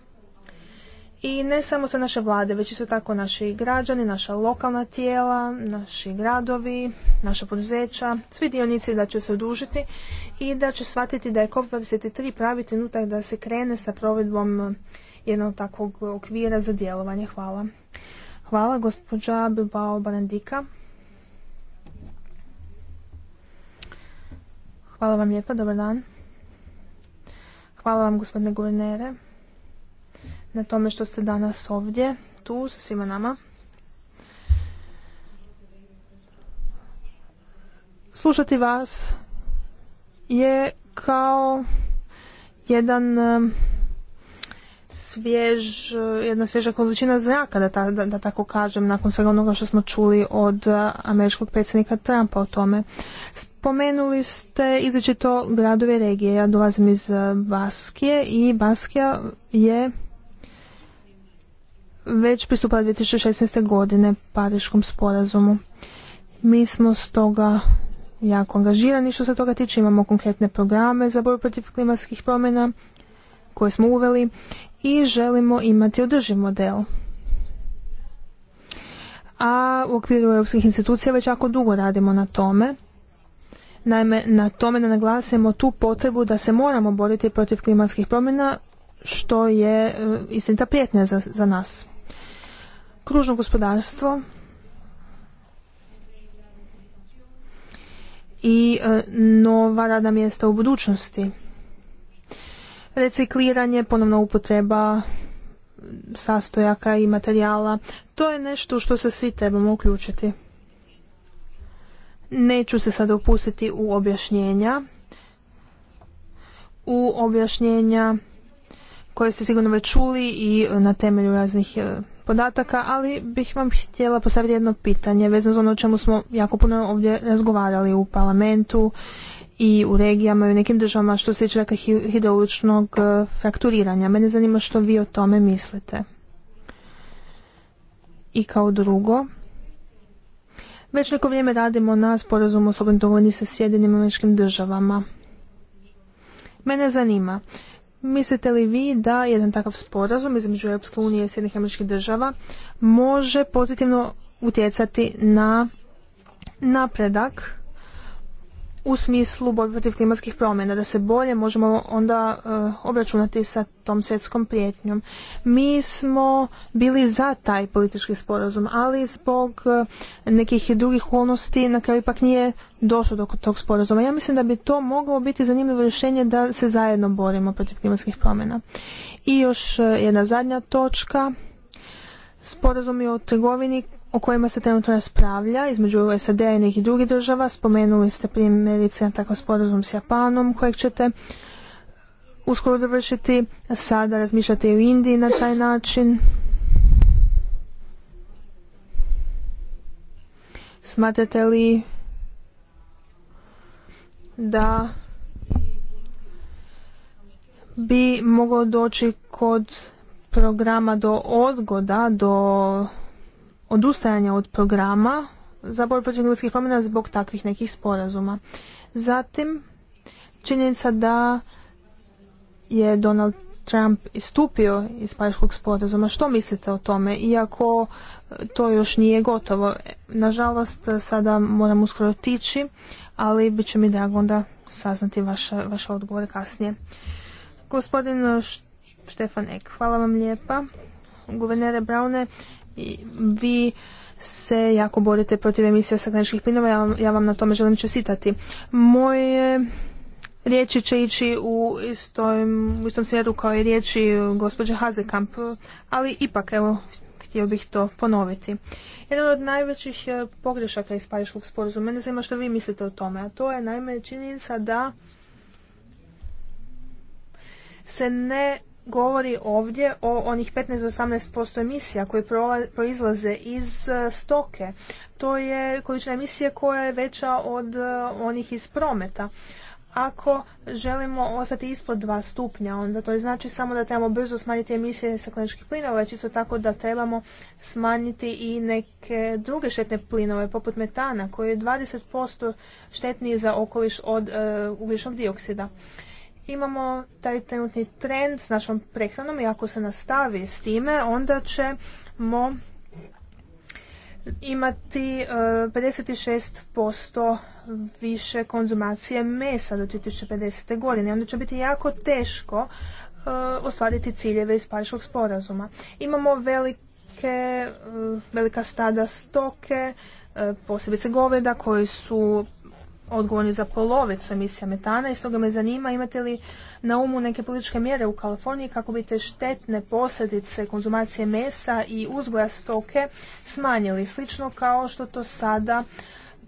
C: I ne samo sa naše vlade, već isto tako naši građani, naša lokalna tijela, naši gradovi, naša poduzeća, svi dionici da će se odužiti i da će shvatiti da je COP23 pravi trenutak da se krene sa provedbom jednog takvog okvira za djelovanje. Hvala. Hvala gospođa Bilbao Barandika. Hvala vam lijepa, dobar dan. Hvala vam gospodine guvernere na tome što ste danas ovdje, tu sa svima nama. Slušati vas je kao jedan svjež, jedna svježa količina zraka, da, ta, da, tako kažem, nakon svega onoga što smo čuli od američkog predsjednika Trumpa o tome. Spomenuli ste izrečito gradove regije. Ja dolazim iz Baskije i Baskija je već pristupala 2016. godine Pariškom sporazumu. Mi smo stoga jako angažirani što se toga tiče. Imamo konkretne programe za borbu protiv klimatskih promjena koje smo uveli i želimo imati održiv model. A u okviru europskih institucija već jako dugo radimo na tome. Naime, na tome da naglasimo tu potrebu da se moramo boriti protiv klimatskih promjena, što je e, istinita prijetnja za, za nas. Kružno gospodarstvo i e, nova rada mjesta u budućnosti recikliranje, ponovna upotreba sastojaka i materijala. To je nešto što se svi trebamo uključiti. Neću se sad opustiti u objašnjenja. U objašnjenja koje ste sigurno već čuli i na temelju raznih e, podataka, ali bih vam htjela postaviti jedno pitanje vezano za ono o čemu smo jako puno ovdje razgovarali u parlamentu i u regijama i u nekim državama što se tiče dakle, e, frakturiranja. Mene zanima što vi o tome mislite. I kao drugo, već neko vrijeme radimo na sporazumu o slobodnoj sa Sjedinim američkim državama. Mene zanima, mislite li vi da jedan takav sporazum između Europske unije i Sjedinih američkih država može pozitivno utjecati na napredak u smislu borbe protiv klimatskih promjena, da se bolje možemo onda eh, obračunati sa tom svjetskom prijetnjom. Mi smo bili za taj politički sporazum, ali zbog eh, nekih drugih okolnosti na kraju ipak nije došlo do tog sporazuma. Ja mislim da bi to moglo biti zanimljivo rješenje da se zajedno borimo protiv klimatskih promjena. I još eh, jedna zadnja točka sporazumi o trgovini o kojima se trenutno raspravlja između SAD-a i nekih drugih država. Spomenuli ste primjerice na takav sporazum s Japanom kojeg ćete uskoro dovršiti. Sada razmišljate i u Indiji na taj način. Smatrate li da bi moglo doći kod programa do odgoda, do odustajanja od programa za borbu protiv klimatskih promjena zbog takvih nekih sporazuma. Zatim, činjenica da je Donald Trump istupio iz Pariškog sporazuma. Što mislite o tome? Iako e, to još nije gotovo. E, nažalost, e, sada moram uskoro otići, ali bit će mi drago onda saznati vaše, vaše odgovore kasnije. Gospodin Štefan Ek, hvala vam lijepa. Guvernere Braune, vi se jako borite protiv emisija stakleničkih plinova, ja vam, ja vam na tome želim čestitati. Moje riječi će ići u istom, u istom smjeru kao i riječi gospođe Hazekamp, ali ipak evo htio bih to ponoviti. Jedan od najvećih e, pogrešaka iz Pariškog sporazuma, mene zanima što vi mislite o tome, a to je naime činjenica da se ne govori ovdje o onih 15-18% emisija koje proizlaze iz e, stoke. To je količina emisije koja je veća od e, onih iz prometa. Ako želimo ostati ispod dva stupnja, onda to znači samo da trebamo brzo smanjiti emisije stakleničkih plinova, već isto tako da trebamo smanjiti i neke druge štetne plinove, poput metana, koji je 20% štetniji za okoliš od e, ugljičnog dioksida imamo taj trenutni trend s našom prehranom i ako se nastavi s time, onda ćemo imati 56% e, više konzumacije mesa do 2050. godine. Onda će biti jako teško e, ostvariti ciljeve iz Pariškog sporazuma. Imamo velike, e, velika stada stoke, posebice goveda koji su odgovorni za polovicu emisija metana i stoga me zanima imate li na umu neke političke mjere u Kaliforniji kako bi te štetne posljedice konzumacije mesa i uzgoja stoke smanjili, slično kao što to sada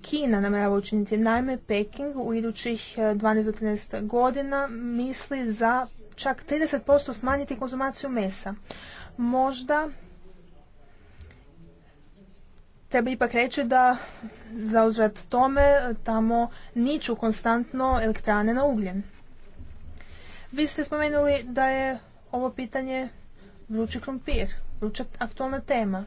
C: Kina namjerava učiniti. Naime, Peking u idućih 12 e, 13 godina misli za čak 30% smanjiti konzumaciju mesa. Možda treba ipak reći da zauzvrat tome tamo niču konstantno elektrane na ugljen. Vi ste spomenuli da je ovo pitanje vrući krumpir, vruća aktualna tema.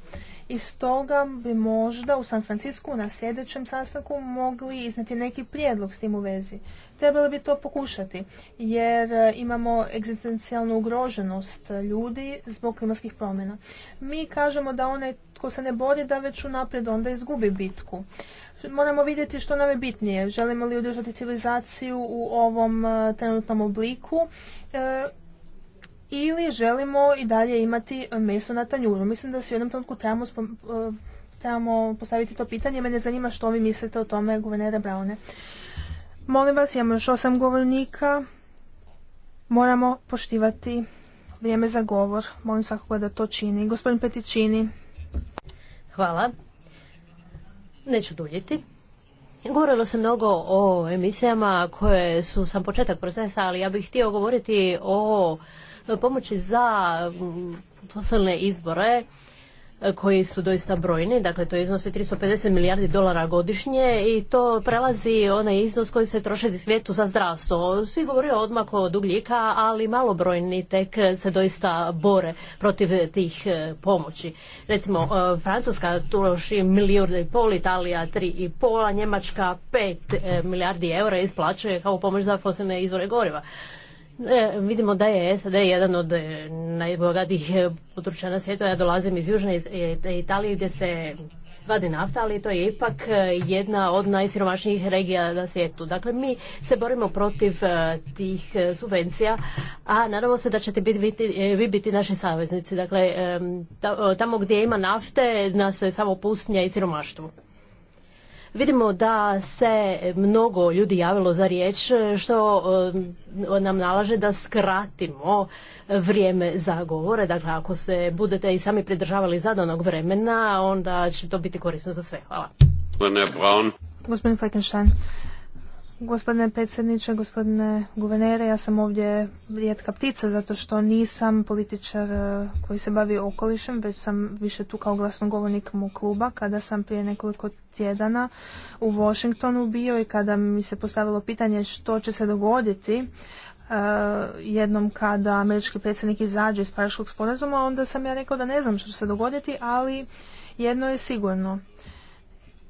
C: I stoga bi možda u San Francisku na sljedećem sastanku mogli izneti neki prijedlog s tim u vezi trebali bi to pokušati jer e, imamo egzistencijalnu ugroženost ljudi zbog klimatskih promjena. Mi kažemo da onaj tko se ne bori da već unaprijed onda izgubi bitku. Moramo vidjeti što nam je bitnije. Želimo li održati civilizaciju u ovom e, trenutnom obliku e, ili želimo i dalje imati meso na tanjuru. Mislim da se u jednom trenutku trebamo trebamo postaviti to pitanje. Mene zanima što vi mislite o tome, guvernere Braune. Molim vas, imamo još osam govornika. Moramo poštivati vrijeme za govor. Molim svakoga
A: da to čini. Gospodin Petičini. Hvala. Neću duljiti. Govorilo se mnogo o emisijama koje su sam početak procesa, ali ja bih htio govoriti o pomoći za poslovne mm, izbore koji su doista brojni, dakle to iznosi 350 milijardi dolara godišnje i to prelazi onaj iznos koji se troši svijetu za zdravstvo. Svi govore o dugljika, ali malobrojni tek se doista bore protiv tih e, pomoći. Recimo, e, Francuska troši milijarde i pol, Italija tri i pola, Njemačka pet e, milijardi eura isplaćuje kao pomoć za fosilne izvore goriva. E, vidimo da je SAD jedan od e, najbogatijih e, područja na svijetu. Ja dolazim iz Južne Italije gdje se vadi nafta, ali to je ipak jedna od najsiromašnijih regija na svijetu. Dakle, mi se borimo protiv tih subvencija, a nadamo se da ćete biti, vi biti naši saveznici. Dakle, tamo gdje ima nafte, nas je samo pustinja i siromaštvo. Vidimo da se mnogo ljudi javilo za riječ što e, nam nalaže da skratimo vrijeme za govore. Dakle, ako se budete i sami pridržavali zadanog vremena, onda će to biti korisno za sve. Hvala. Gospodine predsjedniče, gospodine
C: guvernere, ja sam ovdje rijetka ptica zato što nisam političar e, koji se bavi okolišem, već sam više tu kao glasnogovornik mog kluba kada sam prije nekoliko tjedana u Washingtonu bio i kada mi se postavilo pitanje što će se dogoditi e, jednom kada američki predsjednik izađe iz Pariškog sporazuma, onda sam ja rekao da ne znam što će se dogoditi, ali jedno je sigurno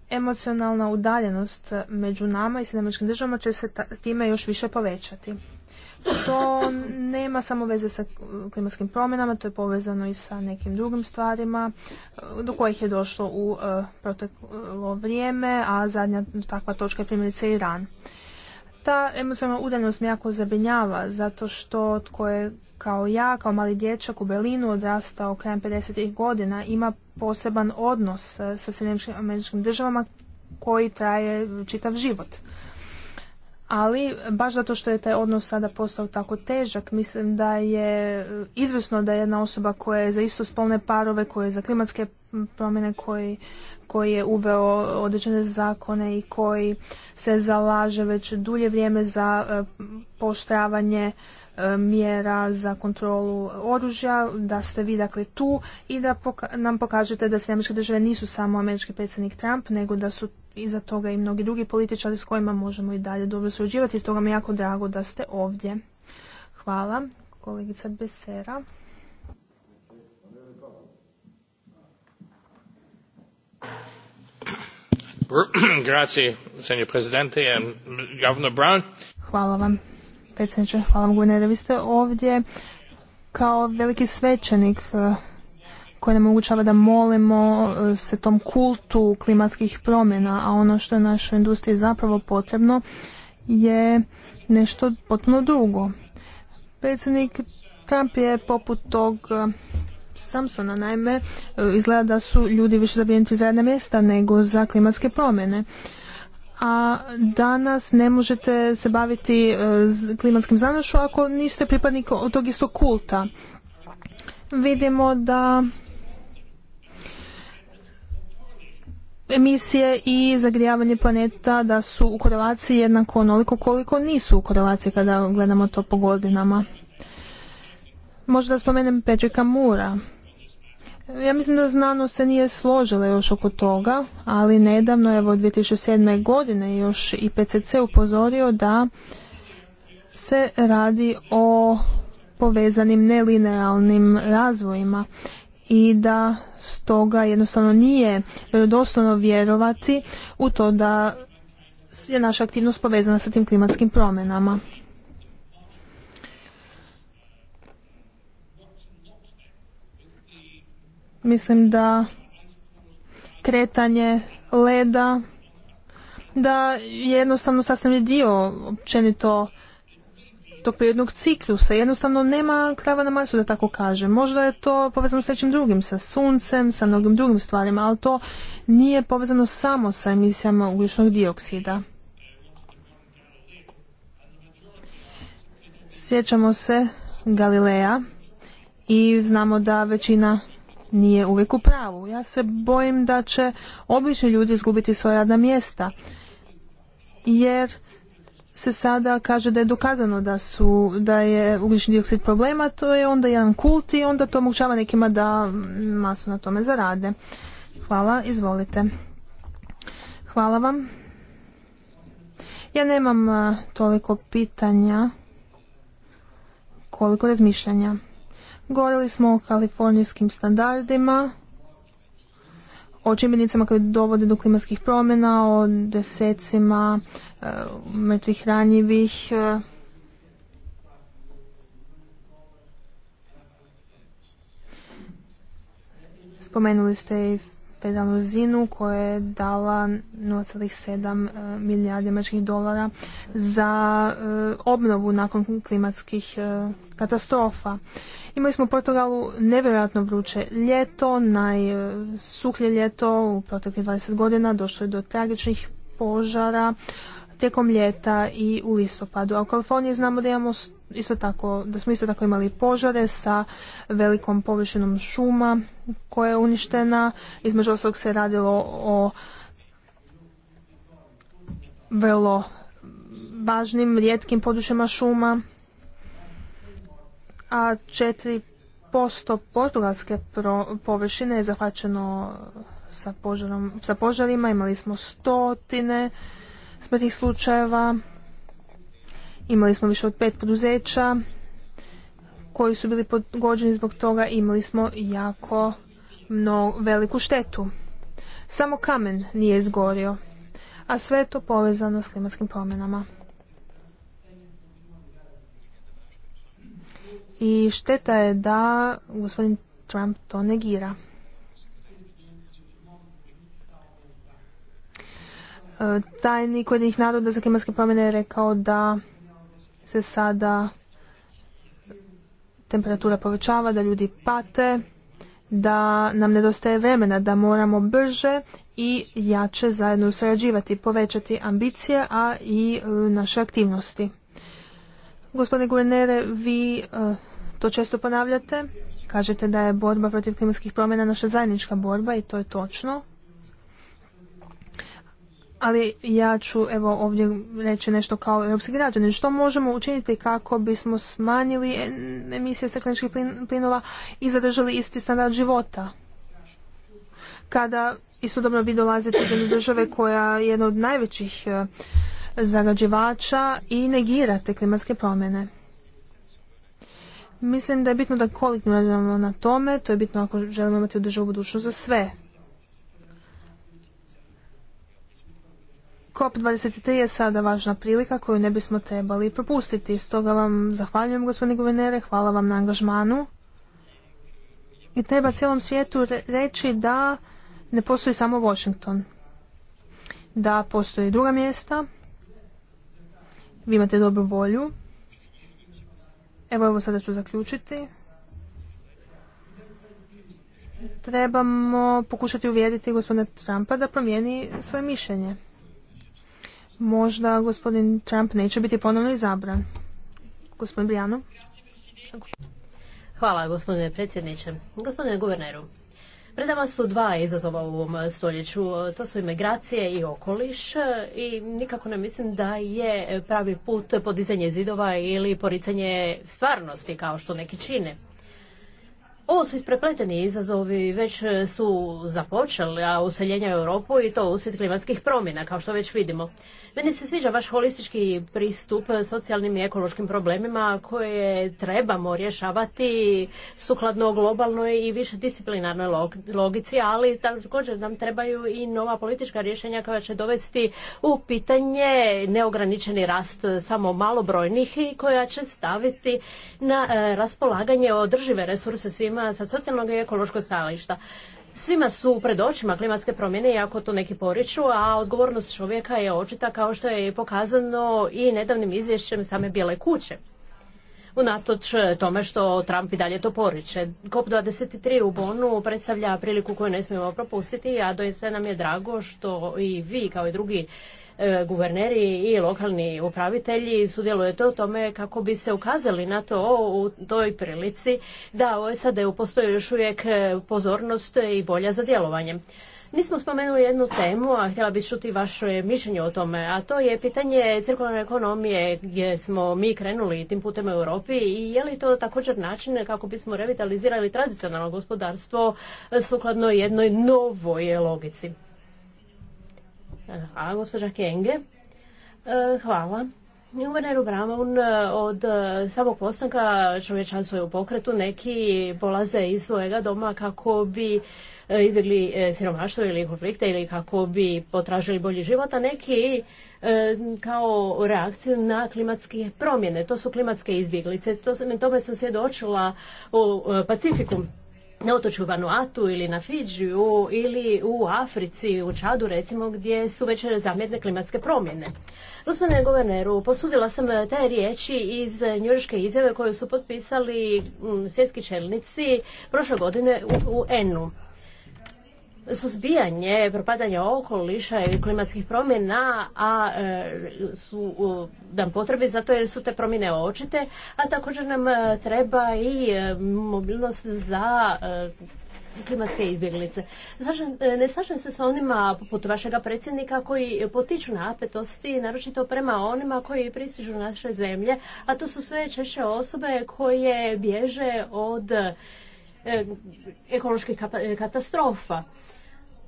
C: emocionalna udaljenost među nama i sjedamačkim državama će se time još više povećati. To nema samo veze sa klimatskim promjenama, to je povezano i sa nekim drugim stvarima do kojih je došlo u e, proteklo vrijeme, a zadnja takva točka je primjerice Iran. Ta emocionalna udaljenost me jako zabrinjava zato što tko je kao ja, kao mali dječak u Berlinu odrastao krajem 50. godina, ima poseban odnos e, sa Sjedinjenim američkim državama koji traje čitav život. Ali, baš zato što je taj odnos sada postao tako težak, mislim da je e, izvrsno da je jedna osoba koja je za istospolne parove, koja je za klimatske promjene, koji, koji je uveo određene zakone i koji se zalaže već dulje vrijeme za e, poštravanje mjera za kontrolu oružja, da ste vi dakle tu i da nam pokažete da se američke države nisu samo američki predsjednik Trump, nego da su iza toga i mnogi drugi političari s kojima možemo i dalje dobro surađivati. Stoga mi je jako drago da ste ovdje. Hvala, kolegica Besera. Ehm, Hvala vam predsjedniče. Hvala vam, guvernere. Vi ste ovdje kao veliki svećenik e, koji nam omogućava da molimo e, se tom kultu klimatskih promjena, a ono što je našoj industriji zapravo potrebno je nešto potpuno drugo. Predsjednik Trump je poput tog e, Samsona, naime, izgleda da su ljudi više zabrinuti za jedna mjesta nego za klimatske promjene a danas ne možete se baviti e, klimatskim znanošću ako niste pripadnik tog istog kulta. Vidimo da emisije i zagrijavanje planeta da su u korelaciji jednako onoliko koliko nisu u korelaciji kada gledamo to po godinama. Možda spomenem Petrika Mura ja mislim da znanost se nije složila još oko toga, ali nedavno, evo 2007. godine, još i PCC upozorio da se radi o povezanim nelinealnim razvojima i da stoga jednostavno nije vjerodostojno vjerovati u to da je naša aktivnost povezana sa tim klimatskim promjenama. Mislim da kretanje leda da je jednostavno sasvim dio općenito tog prirodnog ciklusa. Jednostavno nema krava na masu, da tako kaže. Možda je to povezano s nečim drugim, sa suncem, sa mnogim drugim stvarima, ali to nije povezano samo sa emisijama ugljičnog dioksida. Sjećamo se Galileja i znamo da većina nije uvijek u pravu. Ja se bojim da će obični ljudi izgubiti svoja radna mjesta jer se sada kaže da je dokazano da su da je ugljični dioksid problema, to je onda jedan kult i onda to omogućava nekima da masu na tome zarade. Hvala, izvolite. Hvala vam. Ja nemam toliko pitanja koliko razmišljanja. Govorili smo o kalifornijskim standardima, o čimbenicama koje dovode do klimatskih promjena, o desecima e, mrtvih ranjivih. E. spomenuli ste i pedalnu zinu koja je dala 0,7 e, milijardi američkih dolara za obnovu nakon klimatskih katastrofa. Imali smo u Portugalu nevjerojatno vruće ljeto, najsuhlje ljeto u proteklih 20 godina, došlo je do tragičnih požara tijekom ljeta i u listopadu. A u Kaliforniji znamo da imamo isto tako, da smo isto tako imali požare sa velikom površinom šuma koja je uništena. Između ostalog se radilo o vrlo važnim, rijetkim područjima šuma a 4% portugalske površine je zahvaćeno sa, sa požarima. Imali smo stotine smrtnih slučajeva. Imali smo više od pet poduzeća koji su bili pogođeni zbog toga. Imali smo jako mno, veliku štetu. Samo kamen nije izgorio, a sve je to povezano s klimatskim promjenama. i šteta je da gospodin Trump to negira. E, tajnik Ujedinih naroda za klimatske promjene je rekao da se sada temperatura povećava, da ljudi pate, da nam nedostaje vremena, da moramo brže i jače zajedno surađivati, povećati ambicije, a i e, naše aktivnosti. Gospodine guvernere, vi e, to često ponavljate. Kažete da je borba protiv klimatskih promjena naša zajednička borba i to je točno. Ali ja ću evo ovdje reći nešto kao europski građani. Što možemo učiniti kako bismo smanjili emisije stakleničkih plinova i zadržali isti standard života? Kada istodobno vi dolazite do države koja je jedna od najvećih eh, zagađivača i negirate klimatske promjene. Mislim da je bitno da koliko radimo na tome, to je bitno ako želimo imati održivu budućnost za sve. COP23 je sada važna prilika koju ne bismo trebali propustiti. Stoga vam zahvaljujem gospodine guvernere, hvala vam na angažmanu. I treba cijelom svijetu reći da ne postoji samo Washington. Da postoji druga mjesta. Vi imate dobru volju Evo, evo sada ću zaključiti. Trebamo pokušati uvjeriti gospodina Trumpa da promijeni svoje mišljenje. Možda gospodin Trump neće biti ponovno izabran. Gospodin Brijano.
A: Hvala gospodine predsjedniče. Gospodine guverneru, Pred nama su dva izazova u ovom stoljeću. To su imigracije i okoliš i nikako ne mislim da je pravi put podizanje zidova ili poricanje stvarnosti kao što neki čine. Ovo su isprepleteni izazovi, već su započeli, a u Europu i to uslijed klimatskih promjena, kao što već vidimo. Meni se sviđa vaš holistički pristup socijalnim i ekološkim problemima koje trebamo rješavati sukladno globalnoj i više disciplinarnoj logici, ali također nam trebaju i nova politička rješenja koja će dovesti u pitanje neograničeni rast samo malobrojnih i koja će staviti na e, raspolaganje održive resurse svima sa socijalnog i ekološkog stajališta. Svima su pred očima klimatske promjene, iako to neki poriču, a odgovornost čovjeka je očita kao što je pokazano i nedavnim izvješćem same Bijele kuće unatoč tome što Trump i dalje to poriče. COP23 u Bonu predstavlja priliku koju ne smijemo propustiti, a doista nam je drago što i vi kao i drugi e, guverneri i lokalni upravitelji sudjelujete u tome kako bi se ukazali na to u toj prilici da u SAD-u postoji još uvijek e, pozornost i bolja za djelovanje. Nismo spomenuli jednu temu, a htjela bih čuti vaše mišljenje o tome, a to je pitanje cirkularne ekonomije gdje smo mi krenuli tim putem u Europi i je li to također način kako bismo revitalizirali tradicionalno gospodarstvo sukladno jednoj novoj logici. A gospođa Kenge, e, hvala. Guverneru Brown, e, od samog postanka čovječanstvo je u pokretu, neki polaze iz svojega doma kako bi E, izbjegli e, siromaštvo ili konflikte ili kako bi potražili bolji život, a neki e, kao reakciju na klimatske promjene. To su klimatske izbjeglice. To sam, tome sam svjedočila u Pacifiku na otočju Vanuatu ili na Fidžiju ili u Africi, u Čadu recimo, gdje su već zamjetne klimatske promjene. Gospodine guverneru, posudila sam te riječi iz njuriške izjave koju su potpisali mm, svjetski čelnici prošle godine u ENU u suzbijanje propadanja okoliša i klimatskih promjena a e, su potrebe potrebi zato jer su te promjene očite, a također nam e, treba i e, mobilnost za klimatske izbjeglice. ne slažem se sa onima poput vašeg predsjednika koji potiču apetosti, naročito prema onima koji pristižu naše zemlje, a to su sve češće osobe koje bježe od ekoloških katastrofa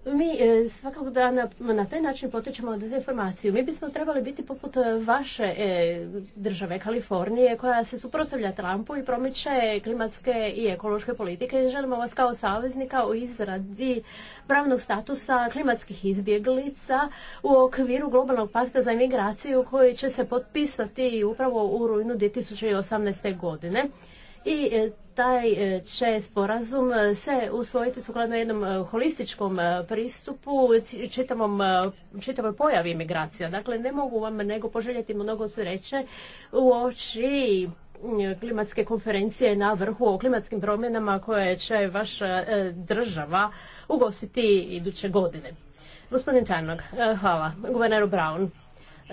A: mi e, svakako da na taj način potičemo dezinformaciju. Mi bismo trebali biti poput e, vaše e, države, Kalifornije, koja se suprotstavlja Trumpu i promiče klimatske i ekološke politike. Želimo vas kao saveznika u izradi pravnog statusa klimatskih izbjeglica u okviru globalnog pakta za imigraciju koji će se potpisati upravo u rujnu 2018. godine i e, taj će sporazum e, se usvojiti sukladno jednom e, holističkom pristupu čitavom, čitavoj pojavi imigracija. Dakle, ne mogu vam nego poželjeti mnogo sreće u oči klimatske konferencije na vrhu o klimatskim promjenama koje će vaša država ugostiti iduće godine. Gospodin Čarnog, hvala. Guverneru Brown.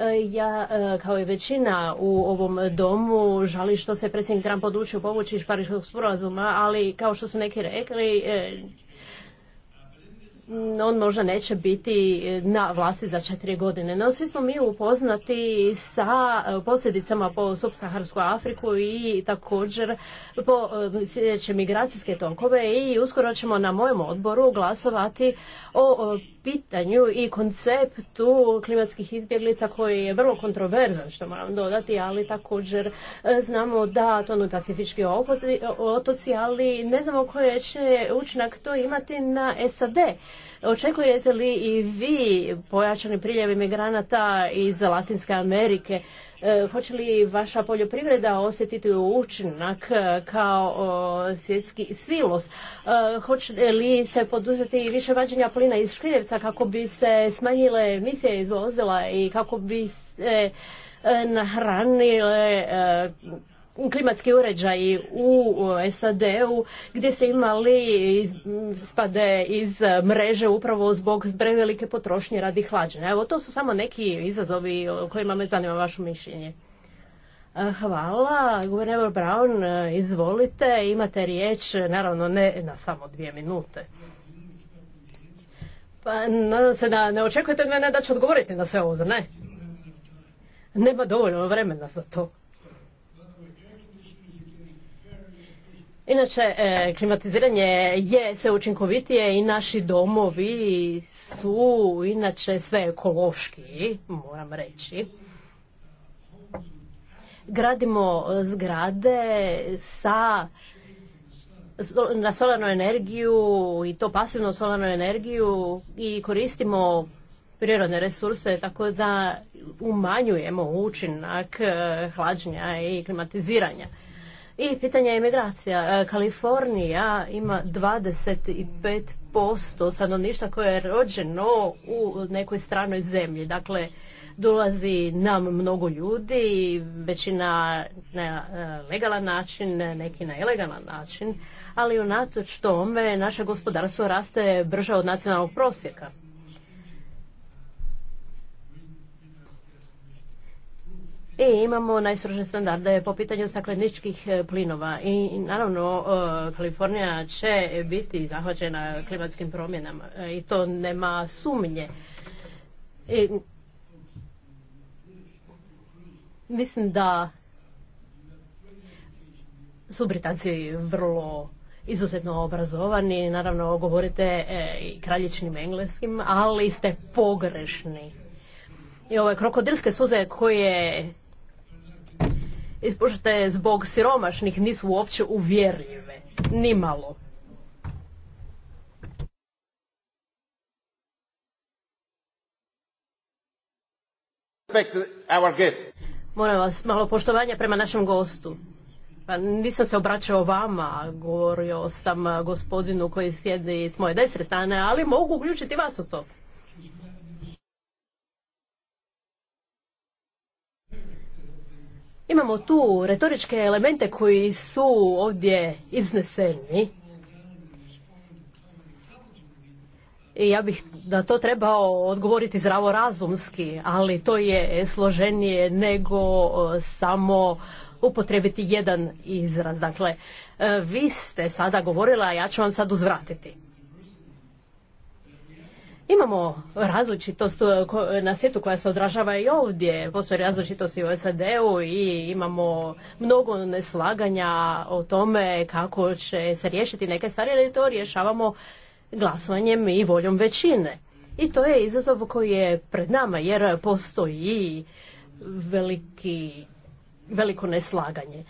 A: E, ja, e, kao i većina u ovom domu, žali što se predsjednik Trump odlučio povući iz Pariškog sporazuma, ali kao što su neki rekli, e, on možda neće biti na vlasti za četiri godine. No, svi smo mi upoznati sa e, posljedicama po subsaharsku Afriku i također po e, sljedeće migracijske tokove i uskoro ćemo na mojem odboru glasovati o pitanju i konceptu klimatskih izbjeglica koji je vrlo kontroverzan, što moram dodati, ali također e, znamo da to je pacifički otoci, ali ne znamo koje će učinak to imati na SAD. Očekujete li i vi pojačani priljev migranata iz Latinske Amerike? E, hoće li vaša poljoprivreda osjetiti učinak e, kao svjetski silos? E, hoće li se poduzeti više vađenja plina iz Škriljevca kako bi se smanjile emisije izvozila i kako bi se nahranile klimatski uređaji u SAD-u gdje se imali spade iz mreže upravo zbog prevelike potrošnje radi hlađenja. Evo, to su samo neki izazovi o kojima me zanima vaše mišljenje. E, hvala. Guverner Brown, e, izvolite. Imate riječ, naravno ne na samo dvije minute. Pa, nadam se da ne očekujete od mene da će odgovoriti na sve ovo, ne? Nema dovoljno vremena za to. Inače, e, klimatiziranje je sve učinkovitije i naši domovi su inače sve ekološki, moram reći. Gradimo zgrade sa na solarnu energiju i to pasivnu solarnu energiju i koristimo prirodne resurse tako da umanjujemo učinak e, hlađenja i klimatiziranja. I pitanje imigracija. E, Kalifornija ima 25% stanovništva koje je rođeno u nekoj stranoj zemlji. Dakle, dolazi nam mnogo ljudi, većina na e, legalan način, neki na ilegalan način, ali unatoč tome naše gospodarstvo raste brže od nacionalnog prosjeka. i e, imamo najstrože standarde po pitanju stakleničkih e, plinova i naravno e, Kalifornija će biti zahvaćena klimatskim promjenama i to nema sumnje. mislim da su Britanci vrlo izuzetno obrazovani, naravno govorite i kraljičnim engleskim, ali ste pogrešni. I ove krokodilske suze koje Ispušte, zbog siromašnih nisu uopće uvjerljive. Nimalo. Molim vas, malo poštovanja prema našem gostu. Pa nisam se obraćao vama, govorio sam gospodinu koji sjedi s moje desne strane, ali mogu uključiti vas u to. Imamo tu retoričke elemente koji su ovdje izneseni. I ja bih da to trebao odgovoriti razumski, ali to je složenije nego samo upotrebiti jedan izraz. Dakle, e, vi ste sada govorila, a ja ću vam sad uzvratiti. Imamo različitost eh, na svijetu koja se odražava i ovdje. Postoje različitost i u SAD-u i imamo mnogo neslaganja o tome kako će se riješiti neke stvari, ali to rješavamo glasovanjem i voljom većine. I to je izazov koji je pred nama jer postoji veliki, veliko neslaganje.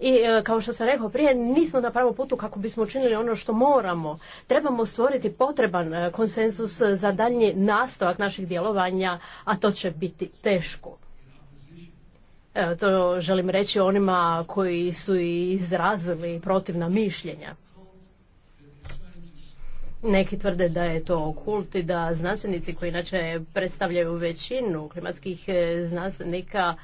A: I e, kao što sam rekao prije, nismo na pravom putu kako bismo učinili ono što moramo. Trebamo stvoriti potreban e, konsensus za daljnji nastavak naših djelovanja, a to će biti teško. Evo, to želim reći onima koji su i izrazili protivna mišljenja. Neki tvrde da je to okult i da znanstvenici koji inače predstavljaju većinu klimatskih e, znanstvenika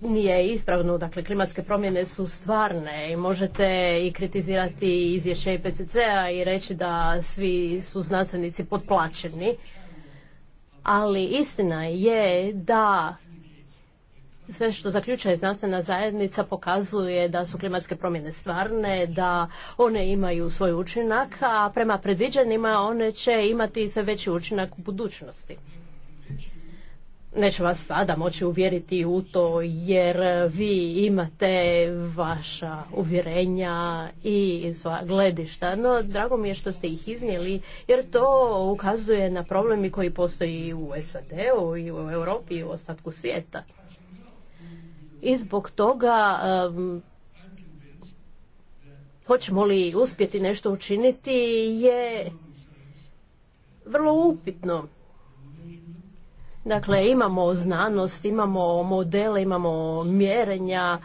A: nije ispravno. Dakle, klimatske promjene su stvarne i možete i kritizirati izvješće IPCC-a i reći da svi su znanstvenici potplaćeni. Ali istina je da sve što zaključuje znanstvena zajednica pokazuje da su klimatske promjene stvarne, da one imaju svoj učinak, a prema predviđenima one će imati sve veći učinak u budućnosti neću vas sada moći uvjeriti u to jer vi imate vaša uvjerenja i sva gledišta, no drago mi je što ste ih iznijeli jer to ukazuje na problemi koji postoji u SAD-u i u Europi i u ostatku svijeta. I zbog toga um, hoćemo li uspjeti nešto učiniti je vrlo upitno. Dakle, imamo znanost, imamo modele, imamo mjerenja,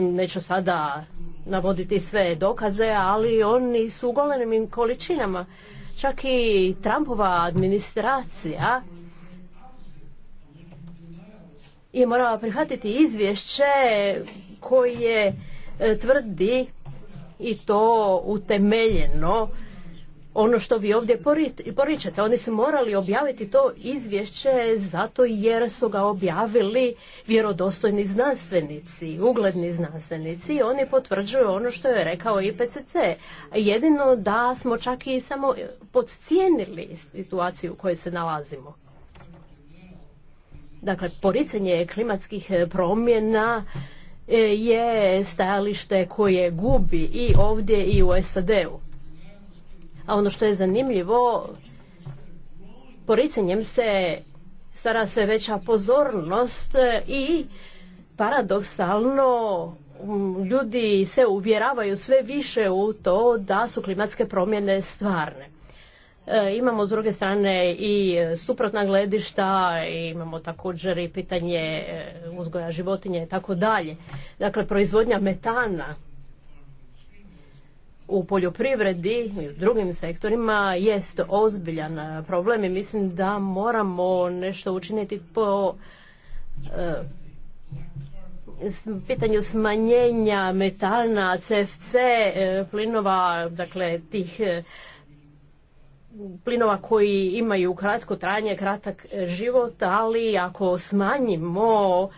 A: neću sada navoditi sve dokaze, ali oni su u golenim količinama. Čak i Trumpova administracija je morala prihvatiti izvješće koje e, tvrdi i to utemeljeno ono što vi ovdje poričete. Oni su morali objaviti to izvješće zato jer su ga objavili vjerodostojni znanstvenici, ugledni znanstvenici i oni potvrđuju ono što je rekao IPCC. Jedino da smo čak i samo podcijenili situaciju u kojoj se nalazimo. Dakle, poricanje klimatskih promjena e, je stajalište koje gubi i ovdje i u SAD-u. A ono što je zanimljivo, poricanjem se stvara sve veća pozornost i paradoksalno ljudi se uvjeravaju sve više u to da su klimatske promjene stvarne. E, imamo s druge strane i suprotna gledišta, imamo također i pitanje e, uzgoja životinje i tako dalje. Dakle, proizvodnja metana u poljoprivredi i u drugim sektorima jest ozbiljan e, problem i mislim da moramo nešto učiniti po e, pitanju smanjenja metalna, CFC, e, plinova, dakle tih plinova koji imaju kratko trajanje, kratak život, ali ako smanjimo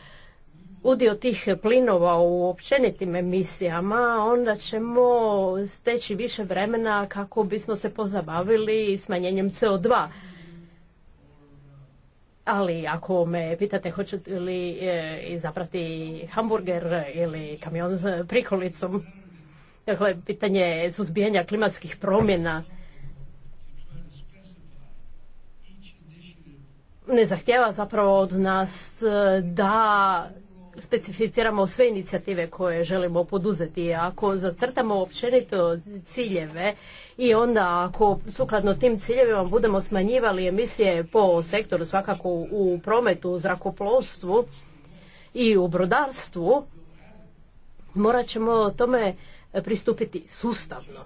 A: udio tih plinova u općenitim emisijama, onda ćemo steći više vremena kako bismo se pozabavili smanjenjem CO2. Ali ako me pitate hoću li e, izabrati hamburger ili kamion s prikolicom, dakle pitanje suzbijanja klimatskih promjena, ne zahtjeva zapravo od nas e, da specificiramo sve inicijative koje želimo poduzeti. Ako zacrtamo općenito ciljeve i onda ako sukladno tim ciljevima budemo smanjivali emisije po sektoru, svakako u prometu, u zrakoplovstvu i u brodarstvu, morat ćemo tome pristupiti sustavno,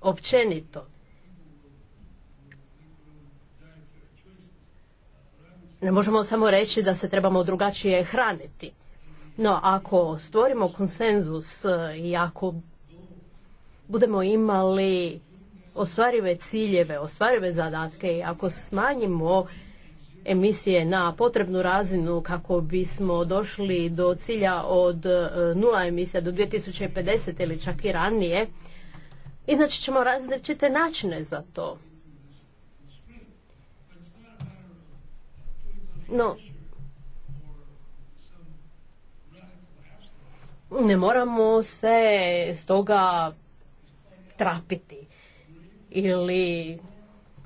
A: općenito. Ne možemo samo reći da se trebamo drugačije hraniti. No, ako stvorimo konsenzus e, i ako budemo imali ostvarive ciljeve, ostvarive zadatke i ako smanjimo emisije na potrebnu razinu kako bismo došli do cilja od e, nula emisija do 2050 ili čak i ranije, iznaći ćemo različite načine za to. No, ne moramo se stoga trapiti ili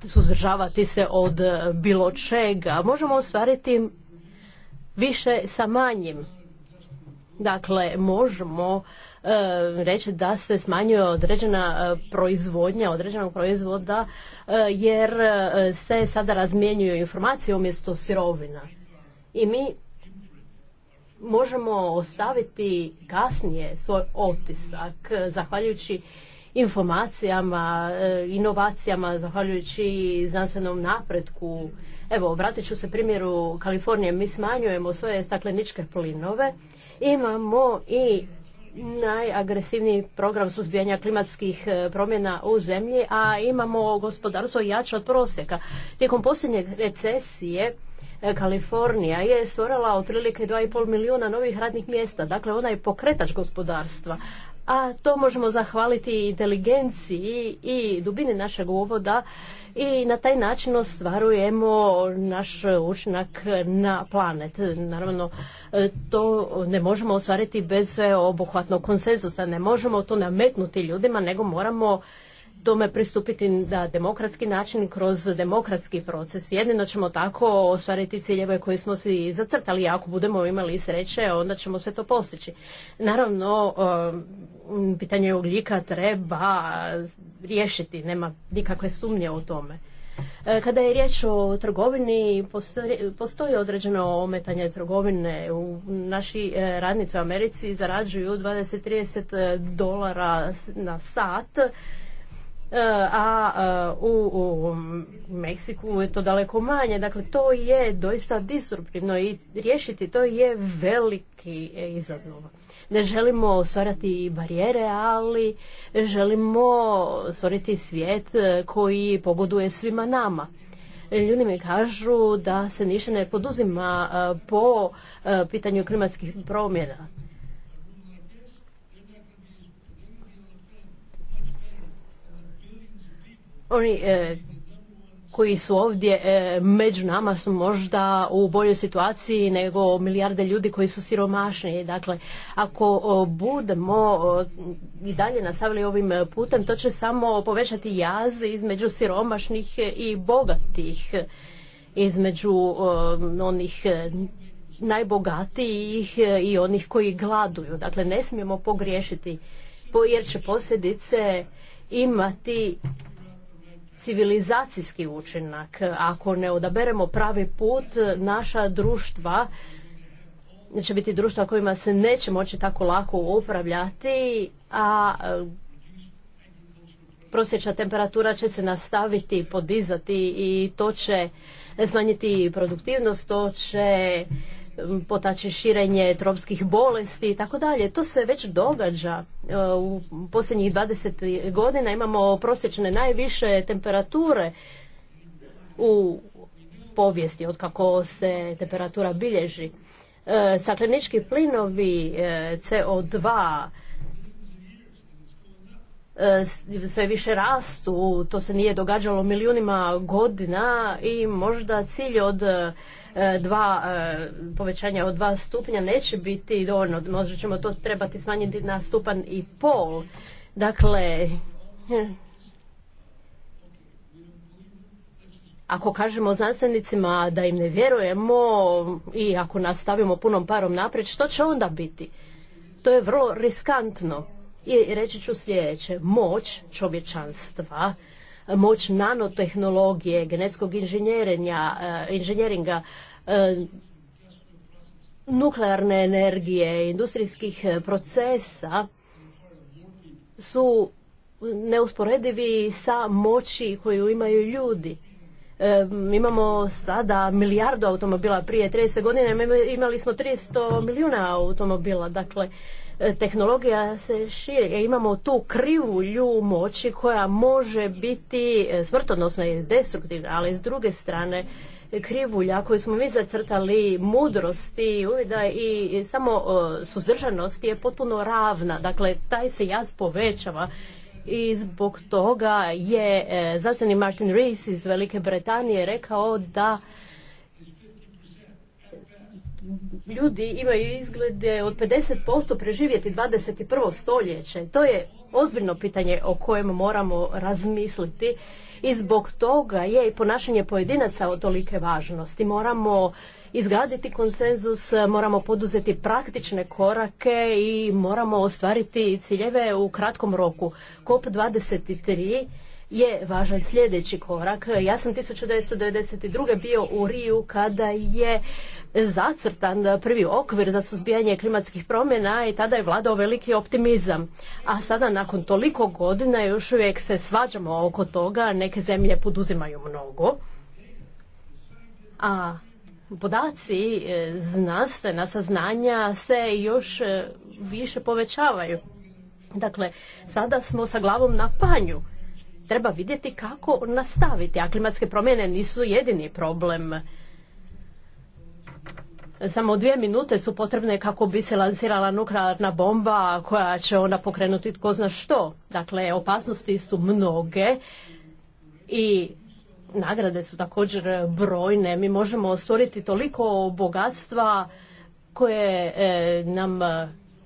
A: suzdržavati se od bilo čega. Možemo ostvariti više sa manjim. Dakle, možemo E, reći da se smanjuje određena e, proizvodnja određenog proizvoda e, jer se sada razmjenjuju informacije umjesto sirovina. I mi možemo ostaviti kasnije svoj otisak zahvaljujući informacijama, inovacijama, zahvaljujući znanstvenom napretku. Evo, vratit ću se primjeru Kalifornije. Mi smanjujemo svoje stakleničke plinove. Imamo i najagresivniji program suzbijanja klimatskih e, promjena u zemlji, a imamo gospodarstvo jače od prosjeka. Tijekom posljednje recesije e, Kalifornija je stvorila otprilike 2,5 milijuna novih radnih mjesta. Dakle, ona je pokretač gospodarstva a to možemo zahvaliti inteligenciji i dubini našeg uvoda i na taj način ostvarujemo naš učinak na planet. Naravno, e, to ne možemo ostvariti bez obuhvatnog konsenzusa, ne možemo to nametnuti ljudima, nego moramo tome pristupiti na demokratski način kroz demokratski proces. Jedino ćemo tako ostvariti ciljeve koje smo si zacrtali, ako budemo imali sreće, onda ćemo sve to postići. Naravno, um, pitanje ugljika treba riješiti, nema nikakve sumnje o tome. E, kada je riječ o trgovini, postoji određeno ometanje trgovine. U naši e, radnici u Americi zarađuju 20-30 dolara na sat, E, a e, u, Meksiku je to daleko manje. Dakle, to je doista disruptivno i riješiti to je veliki izazov. Ne želimo stvarati barijere, ali želimo stvoriti svijet koji pogoduje svima nama. Ljudi mi kažu da se ništa ne poduzima e, po pitanju klimatskih promjena. Oni e, koji su ovdje e, među nama su možda u boljoj situaciji nego milijarde ljudi koji su siromašni. Dakle, ako budemo i dalje nastavili ovim putem, to će samo povećati jaz između siromašnih i bogatih, između onih e, najbogatijih i onih koji gladuju. Dakle, ne smijemo pogriješiti jer će posljedice imati civilizacijski učinak. Ako ne odaberemo pravi put, naša društva će biti društva kojima se neće moći tako lako upravljati, a e, prosječna temperatura će se nastaviti podizati i to će smanjiti produktivnost, to će potače širenje tropskih bolesti i tako dalje. To se već događa. E, u posljednjih 20 godina imamo prosječne najviše temperature u povijesti od kako se temperatura bilježi. E, Saklenički plinovi e, CO2 sve više rastu, to se nije događalo milijunima godina i možda cilj od E, dva e, povećanja od dva stupnja neće biti dovoljno. Možda ćemo to trebati smanjiti na stupan i pol. Dakle, ako kažemo znanstvenicima da im ne vjerujemo i ako nastavimo punom parom naprijed, što će onda biti? To je vrlo riskantno. I reći ću sljedeće, moć čovječanstva moć nanotehnologije, genetskog inženjerenja, eh, inženjeringa, eh, nuklearne energije, industrijskih eh, procesa su neusporedivi sa moći koju imaju ljudi. imamo sada milijardu automobila prije 30 godina, imali smo 300 milijuna automobila, dakle E, tehnologija se širi. E, imamo tu krivu lju moći koja može biti e, smrtonosna i destruktivna, ali s druge strane krivulja koju smo mi zacrtali mudrosti uvida i samo suzdržanosti je potpuno ravna. Dakle, taj se jaz povećava i zbog toga je Zasadni Martin Rees iz Velike Britanije rekao da ljudi imaju izglede od 50% preživjeti 21. stoljeće. To je ozbiljno pitanje o kojem moramo razmisliti i zbog toga je i ponašanje pojedinaca od tolike važnosti. Moramo izgraditi konsenzus, moramo poduzeti praktične korake i moramo ostvariti ciljeve u kratkom roku. COP23 je važan sljedeći korak. Ja sam 1992. bio u Riju kada je zacrtan prvi okvir za suzbijanje klimatskih promjena i tada je vladao veliki optimizam. A sada nakon toliko godina još uvijek se svađamo oko toga, neke zemlje poduzimaju mnogo. A podaci e, na saznanja se još e, više povećavaju. Dakle, sada smo sa glavom na panju treba vidjeti kako nastaviti, a klimatske promjene nisu jedini problem. Samo dvije minute su potrebne kako bi se lansirala nuklearna bomba koja će ona pokrenuti tko zna što. Dakle, opasnosti su mnoge i nagrade su također brojne. Mi možemo stvoriti toliko bogatstva koje eh, nam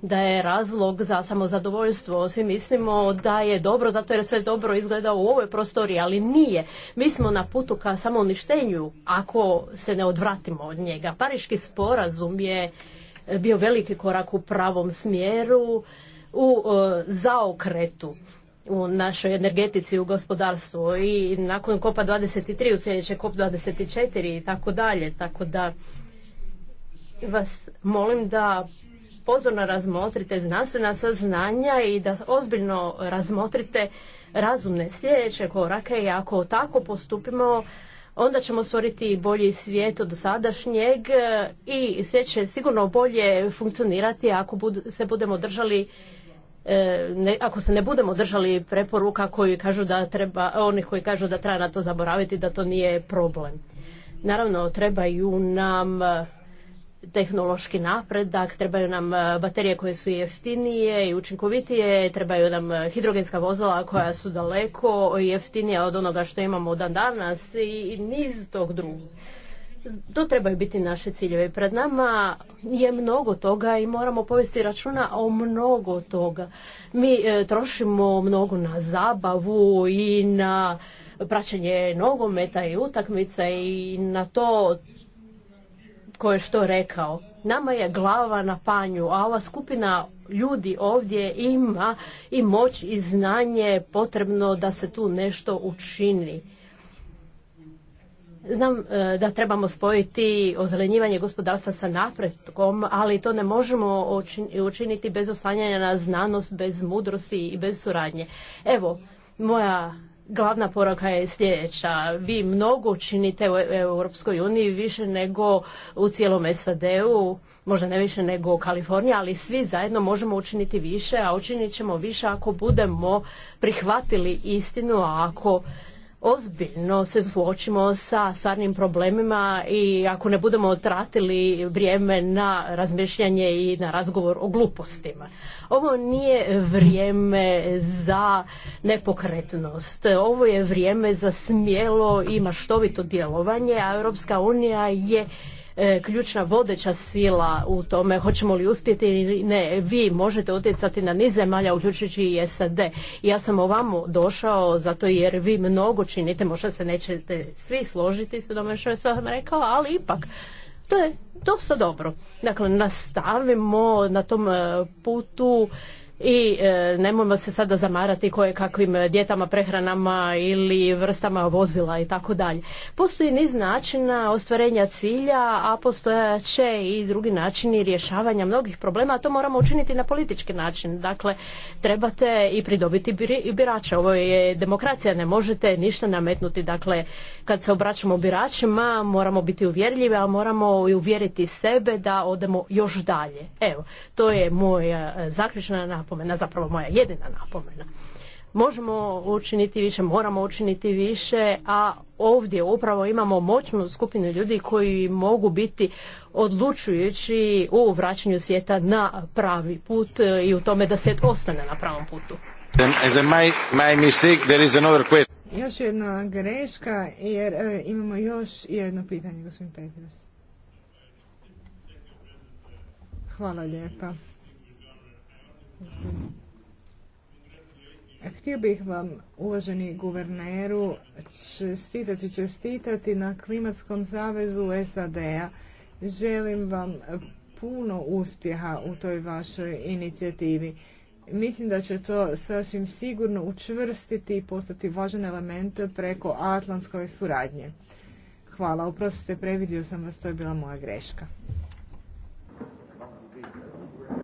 A: da je razlog za samozadovoljstvo. Svi mislimo da je dobro zato jer sve dobro izgleda u ovoj prostoriji, ali nije. Mi smo na putu ka samouništenju ako se ne odvratimo od njega. Pariški sporazum je bio veliki korak u pravom smjeru u e, zaokretu u našoj energetici, u gospodarstvu i nakon kopa 23 u sljedeće kop 24 i tako dalje. Tako da vas molim da pozorno razmotrite znanstvena saznanja i da ozbiljno razmotrite razumne sljedeće korake i ako tako postupimo, onda ćemo stvoriti bolji svijet od dosadašnjeg i sve će sigurno bolje funkcionirati ako se budemo držali e, ako se ne budemo držali preporuka koji kažu da treba, onih koji kažu da treba na to zaboraviti, da to nije problem. Naravno, trebaju nam tehnološki napredak, trebaju nam e, baterije koje su jeftinije i učinkovitije, trebaju nam e, hidrogenska vozila koja su daleko jeftinija od onoga što imamo dan danas i niz tog drugog. To trebaju biti naše ciljeve. Pred nama je mnogo toga i moramo povesti računa o mnogo toga. Mi e, trošimo mnogo na zabavu i na praćenje nogometa i utakmica i na to ko je što rekao. Nama je glava na panju, a ova skupina ljudi ovdje ima i moć i znanje potrebno da se tu nešto učini. Znam e, da trebamo spojiti ozelenjivanje gospodarstva sa napretkom, ali to ne možemo učiniti bez oslanjanja na znanost, bez mudrosti i bez suradnje. Evo, moja Glavna poruka je sljedeća. Vi mnogo činite u Europskoj uniji više nego u cijelom SAD-u, možda ne više nego u Kaliforniji, ali svi zajedno možemo učiniti više, a učinit ćemo više ako budemo prihvatili istinu, a ako ozbiljno se suočimo sa stvarnim problemima i ako ne budemo tratili vrijeme na razmišljanje i na razgovor o glupostima. Ovo nije vrijeme za nepokretnost. Ovo je vrijeme za smjelo i maštovito djelovanje, a Europska unija je E, ključna vodeća sila u tome hoćemo li uspjeti ili ne. Vi možete utjecati na niz zemalja, uključujući i SAD. Ja sam ovamo došao zato jer vi mnogo činite, možda se nećete svi složiti s tome što sam rekao, ali ipak to je dosta dobro. Dakle, nastavimo na tom e, putu i e, nemojmo se sada zamarati koje kakvim djetama, prehranama ili vrstama vozila i tako dalje. Postoji niz načina ostvarenja cilja, a će i drugi načini rješavanja mnogih problema, a to moramo učiniti na politički način. Dakle, trebate i pridobiti birača. Ovo je demokracija, ne možete ništa nametnuti. Dakle, kad se obraćamo biračima, moramo biti uvjerljivi, a moramo i uvjeriti sebe da odemo još dalje. Evo, to je moja e, zaključna napomena, zapravo moja jedina napomena. Možemo učiniti više, moramo učiniti više, a ovdje upravo imamo moćnu skupinu ljudi koji mogu biti odlučujući u vraćanju svijeta na pravi put e, i u tome da se ostane na pravom putu. Još jedna
B: greška jer e, imamo još jedno pitanje Hvala lijepa. Htio bih vam, uvaženi guverneru, čestitati, čestitati na Klimatskom savezu SAD-a. Želim vam puno uspjeha u toj vašoj inicijativi. Mislim da će to sasvim sigurno učvrstiti i postati važan element preko atlantskoj suradnje. Hvala, oprostite, previdio sam vas, to je bila moja greška.